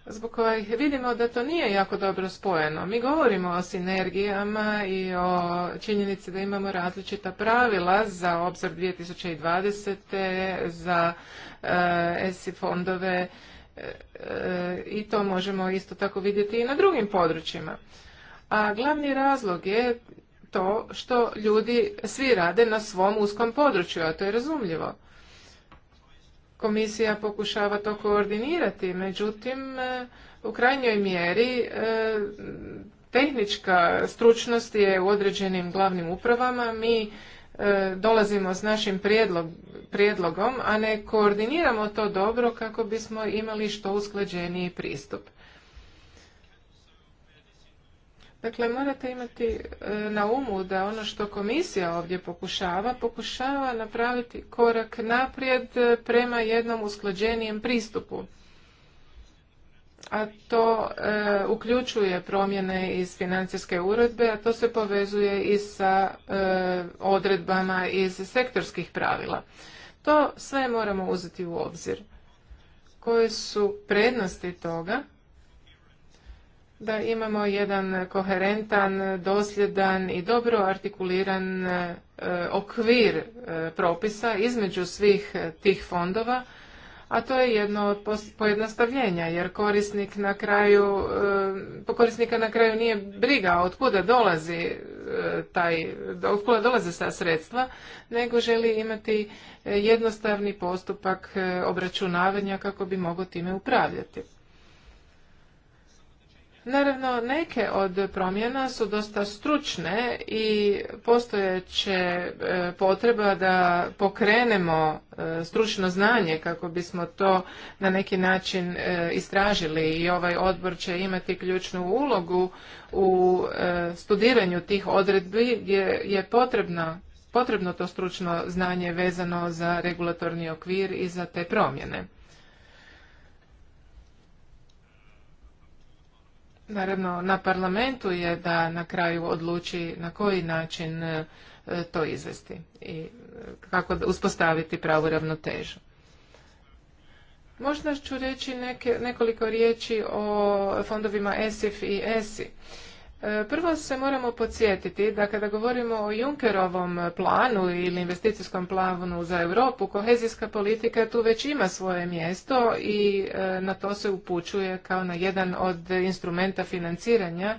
zbog kojih vidimo da to nije jako dobro spojeno. Mi govorimo o sinergijama i o činjenici da imamo različita pravila za obzor 2020. za eh, ESI fondove eh, i to možemo isto tako vidjeti i na drugim područjima. A glavni razlog je to što ljudi svi rade na svom uskom području, a to je razumljivo komisija pokušava to koordinirati, međutim e, u krajnjoj mjeri e, tehnička stručnost je u određenim glavnim upravama, mi e, dolazimo s našim prijedlogom, a ne koordiniramo to dobro kako bismo imali što usklađeniji pristup. Dakle, morate imati e, na umu da ono što komisija ovdje pokušava, pokušava napraviti korak naprijed e, prema jednom usklađenijem pristupu. A to e, uključuje promjene iz financijske uredbe, a to se povezuje i sa odredbama iz sektorskih pravila. To sve moramo uzeti u obzir. Koje su prednosti toga? da imamo jedan koherentan, dosljedan i dobro artikuliran e, okvir e, propisa između svih e, tih fondova, a to je jedno od pojednostavljenja jer korisnik na kraju, korisnika na kraju nije briga od dolazi taj, od kuda dolaze sa sredstva, nego želi imati jednostavni postupak obračunavanja kako bi mogao time upravljati. Naravno, neke od promjena su dosta stručne i postojeće e, potreba da pokrenemo e, stručno znanje kako bismo to na neki način e, istražili i ovaj odbor će imati ključnu ulogu u studiranju tih odredbi gdje je potrebno, potrebno to stručno znanje vezano za regulatorni okvir i za te promjene. Naravno, na parlamentu je da na kraju odluči na koji način e, to izvesti i e, kako uspostaviti pravu ravnotežu. Možda ću reći neke, nekoliko riječi o fondovima ESIF i ESI. E, prvo se moramo podsjetiti da kada govorimo o Junckerovom planu ili investicijskom planu za Europu, kohezijska politika tu već ima svoje mjesto i e, na to se upućuje kao na jedan od instrumenta financiranja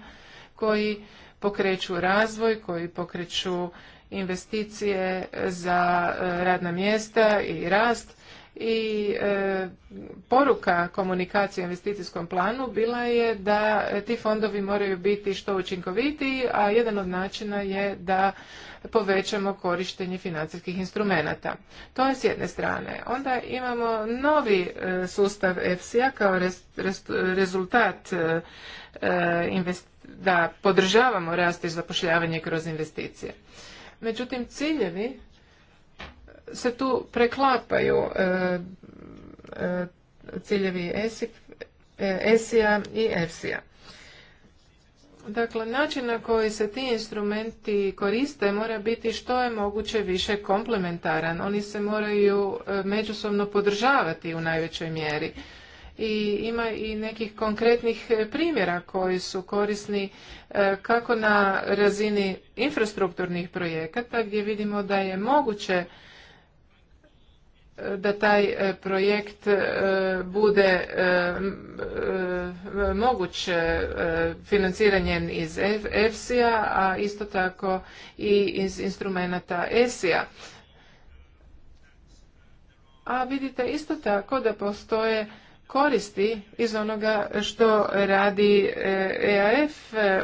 koji pokreću razvoj, koji pokreću investicije za e, radna mjesta i rast i e, poruka komunikacije u investicijskom planu bila je da ti fondovi moraju biti što učinkovitiji, a jedan od načina je da povećamo korištenje financijskih instrumenata. To je s jedne strane. Onda imamo novi e, sustav EFSI-a kao rezultat e, da podržavamo rast i zapošljavanje kroz investicije. Međutim, ciljevi se tu preklapaju e, e, ciljevi e, ESI-a i EFSI-a. Dakle, način na koji se ti instrumenti koriste mora biti što je moguće više komplementaran. Oni se moraju međusobno podržavati u najvećoj mjeri. I ima i nekih konkretnih primjera koji su korisni kako na razini infrastrukturnih projekata gdje vidimo da je moguće da taj e, projekt e, bude e, moguće financiranjem iz EFSI-a, a isto tako i iz instrumenta ESI-a. A vidite isto tako da postoje koristi iz onoga što radi EAF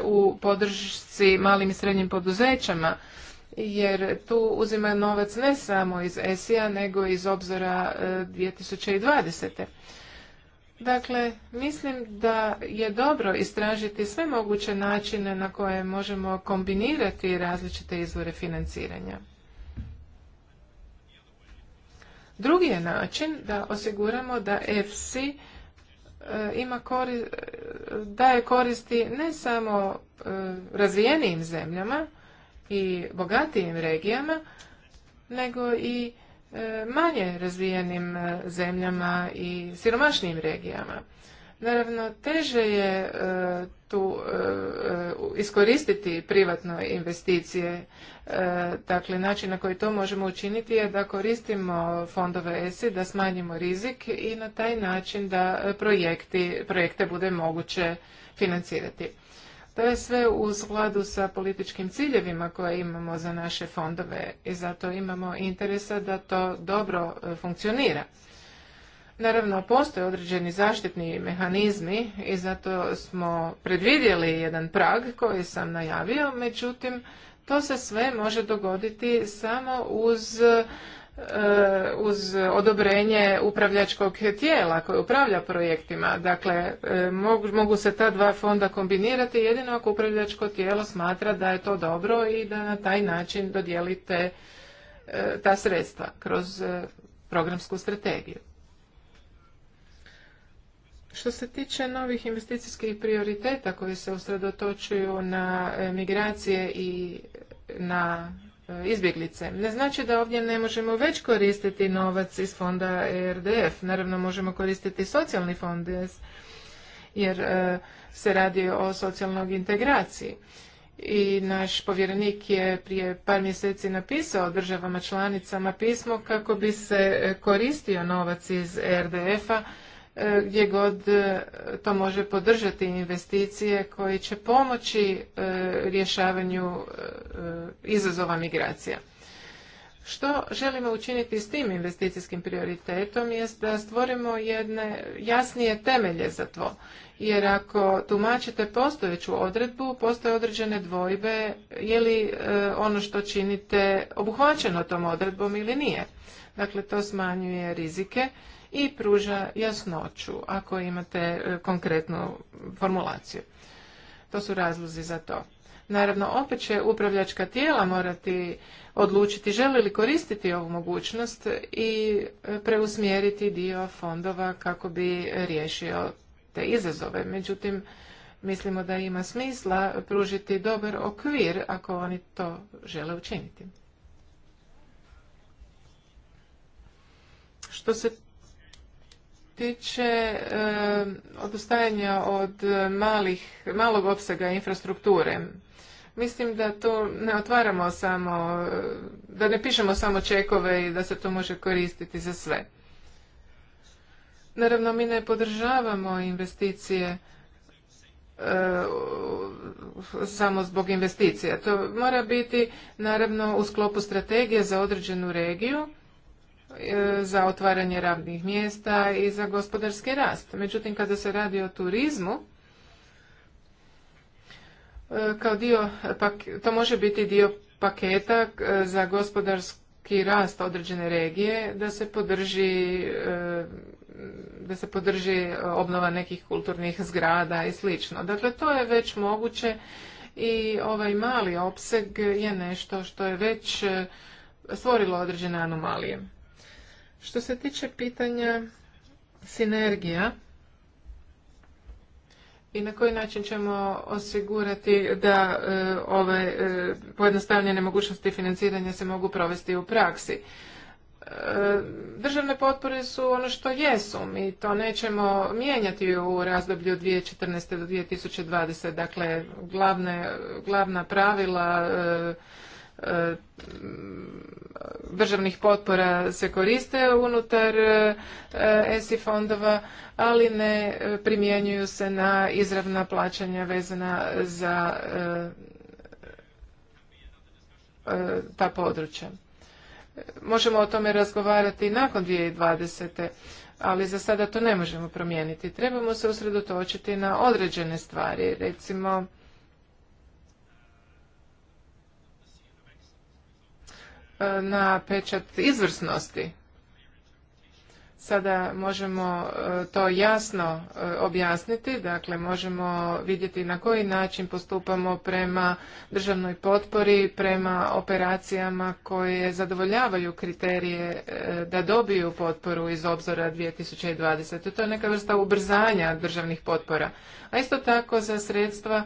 u podršci malim i srednjim poduzećama jer tu uzima novac ne samo iz ESI-a nego iz obzora 2020. E, dakle, mislim da je dobro istražiti sve moguće načine na koje možemo kombinirati različite izvore financiranja. Drugi je način da osiguramo da EFSI ima e, daje koristi ne samo e, razvijenijim zemljama, i bogatijim regijama, nego i e, manje razvijenim e, zemljama i siromašnijim regijama. Naravno, teže je e, tu iskoristiti privatne investicije. Dakle, način na koji to možemo učiniti je da koristimo fondove ESI, da smanjimo rizik i na taj način da projekte bude moguće financirati. To je sve u skladu sa političkim ciljevima koje imamo za naše fondove i zato imamo interesa da to dobro e, funkcionira. Naravno, postoje određeni zaštitni mehanizmi i zato smo predvidjeli jedan prag koji sam najavio, međutim, to se sve može dogoditi samo uz E, uz odobrenje upravljačkog tijela koje upravlja projektima. Dakle, e, mogu se ta dva fonda kombinirati jedino ako upravljačko tijelo smatra da je to dobro i da na taj način dodijelite e, ta sredstva kroz programsku strategiju. Što se tiče novih investicijskih prioriteta koji se usredotočuju na migracije i na izbjeglice. Ne znači da ovdje ne možemo već koristiti novac iz fonda ERDF. Naravno možemo koristiti socijalni fond jer e, se radi o socijalnog integraciji. I naš povjerenik je prije par mjeseci napisao državama članicama pismo kako bi se e, koristio novac iz ERDF-a E, gdje god e, to može podržati investicije koje će pomoći e, rješavanju izazova migracija. Što želimo učiniti s tim investicijskim prioritetom je da stvorimo jedne jasnije temelje za to. Jer ako tumačite postojeću odredbu, postoje određene dvojbe je li ono što činite obuhvaćeno tom odredbom ili nije. Dakle, to smanjuje rizike i pruža jasnoću ako imate e, konkretnu formulaciju. To su razlozi za to. Naravno, opet će upravljačka tijela morati odlučiti želi li koristiti ovu mogućnost i e, preusmjeriti dio fondova kako bi riješio te izazove. Međutim, mislimo da ima smisla pružiti dobar okvir ako oni to žele učiniti. Što se tiče odustajanja od malih, malog opsega infrastrukture, mislim da to ne otvaramo samo, da ne pišemo samo čekove i da se to može koristiti za sve. Naravno, mi ne podržavamo investicije samo zbog investicija. To mora biti naravno u sklopu strategije za određenu regiju E, za otvaranje radnih mjesta i za gospodarski rast. Međutim, kada se radi o turizmu, e, kao dio, to može biti dio paketa e, za gospodarski rast određene regije da se podrži da se podrži obnova nekih kulturnih zgrada i slično. Dakle, to je već moguće i ovaj mali opseg je nešto što je već stvorilo određene anomalije. Što se tiče pitanja sinergija i na koji način ćemo osigurati da e, ove e, pojednostavljene mogućnosti financiranja se mogu provesti u praksi. E, državne potpore su ono što jesu, mi to nećemo mijenjati u razdoblju 2014. do 2020. Dakle, glavne, glavna pravila E, državnih potpora se koriste unutar e, ESI fondova, ali ne primjenjuju se na izravna plaćanja vezana za e, ta područja. Možemo o tome razgovarati nakon 2020. ali za sada to ne možemo promijeniti. Trebamo se usredotočiti na određene stvari, recimo na pečat izvrsnosti Sada možemo e, to jasno e, objasniti, dakle možemo vidjeti na koji način postupamo prema državnoj potpori, prema operacijama koje zadovoljavaju kriterije e, da dobiju potporu iz obzora 2020. To je neka vrsta ubrzanja državnih potpora. A isto tako za sredstva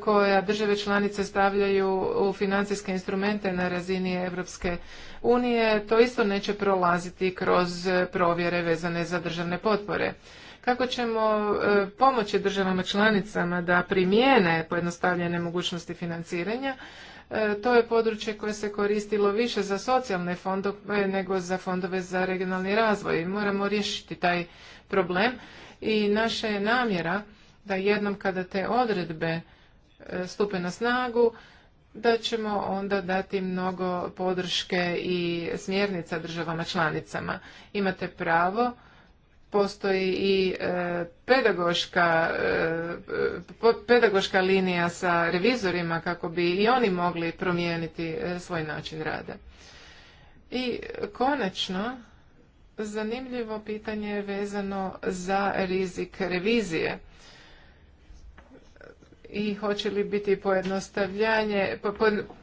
koja države članice stavljaju u financijske instrumente na razini Europske unije, to isto neće prolaziti kroz provjere vezane za državne potpore. Kako ćemo e, pomoći državama članicama da primijene pojednostavljene mogućnosti financiranja, e, to je područje koje se koristilo više za socijalne fondove nego za fondove za regionalni razvoj. Moramo riješiti taj problem i naša je namjera da jednom kada te odredbe e, stupe na snagu, da ćemo onda dati mnogo podrške i smjernica državama članicama. Imate pravo, postoji i e, pedagoška, e, pedagoška linija sa revizorima kako bi i oni mogli promijeniti e, svoj način rada. I konačno, zanimljivo pitanje je vezano za rizik revizije i hoće li biti pojednostavljanje,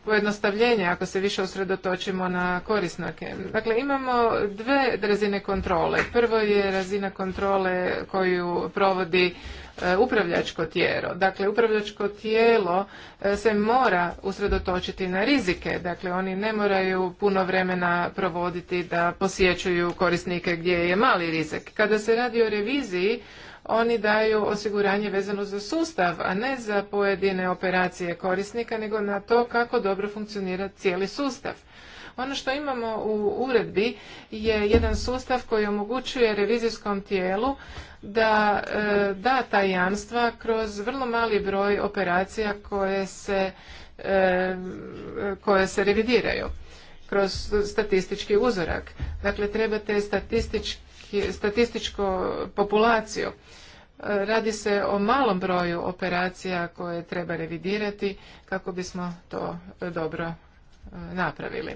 pojednostavljenje ako se više usredotočimo na korisnake. Dakle, imamo dve razine kontrole. Prvo je razina kontrole koju provodi e, upravljačko tijelo. Dakle, upravljačko tijelo e, se mora usredotočiti na rizike. Dakle, oni ne moraju puno vremena provoditi da posjećuju korisnike gdje je mali rizik. Kada se radi o reviziji, oni daju osiguranje vezano za sustav, a ne za pojedine operacije korisnika, nego na to kako dobro funkcionira cijeli sustav. Ono što imamo u uredbi je jedan sustav koji omogućuje revizijskom tijelu da e, da ta jamstva kroz vrlo mali broj operacija koje se, e, koje se revidiraju kroz statistički uzorak. Dakle, trebate statistički statističko populaciju. E, radi se o malom broju operacija koje treba revidirati kako bismo to e, dobro e, napravili.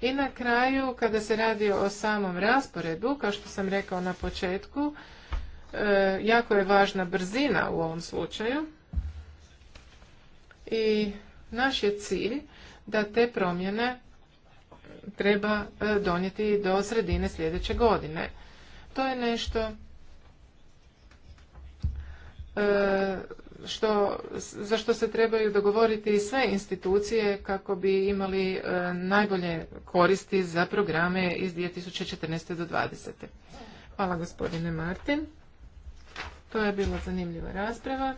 I na kraju, kada se radi o samom rasporedu, kao što sam rekao na početku, jako je važna brzina u ovom slučaju i naš je cilj da te promjene treba donijeti do sredine sljedeće godine. To je nešto e, što, za što se trebaju dogovoriti sve institucije kako bi imali e, najbolje koristi za programe iz 2014. do 2020. Hvala gospodine Martin. To je bila zanimljiva rasprava.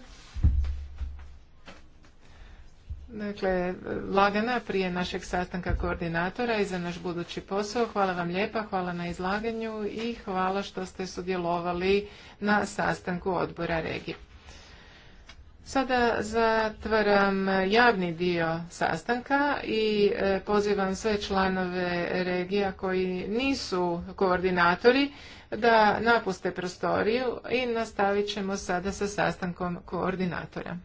Dakle, lagana prije našeg sastanka koordinatora i za naš budući posao. Hvala vam lijepa, hvala na izlaganju i hvala što ste sudjelovali na sastanku odbora regije. Sada zatvaram javni dio sastanka i e, pozivam sve članove regija koji nisu koordinatori da napuste prostoriju i nastavit ćemo sada sa sastankom koordinatora.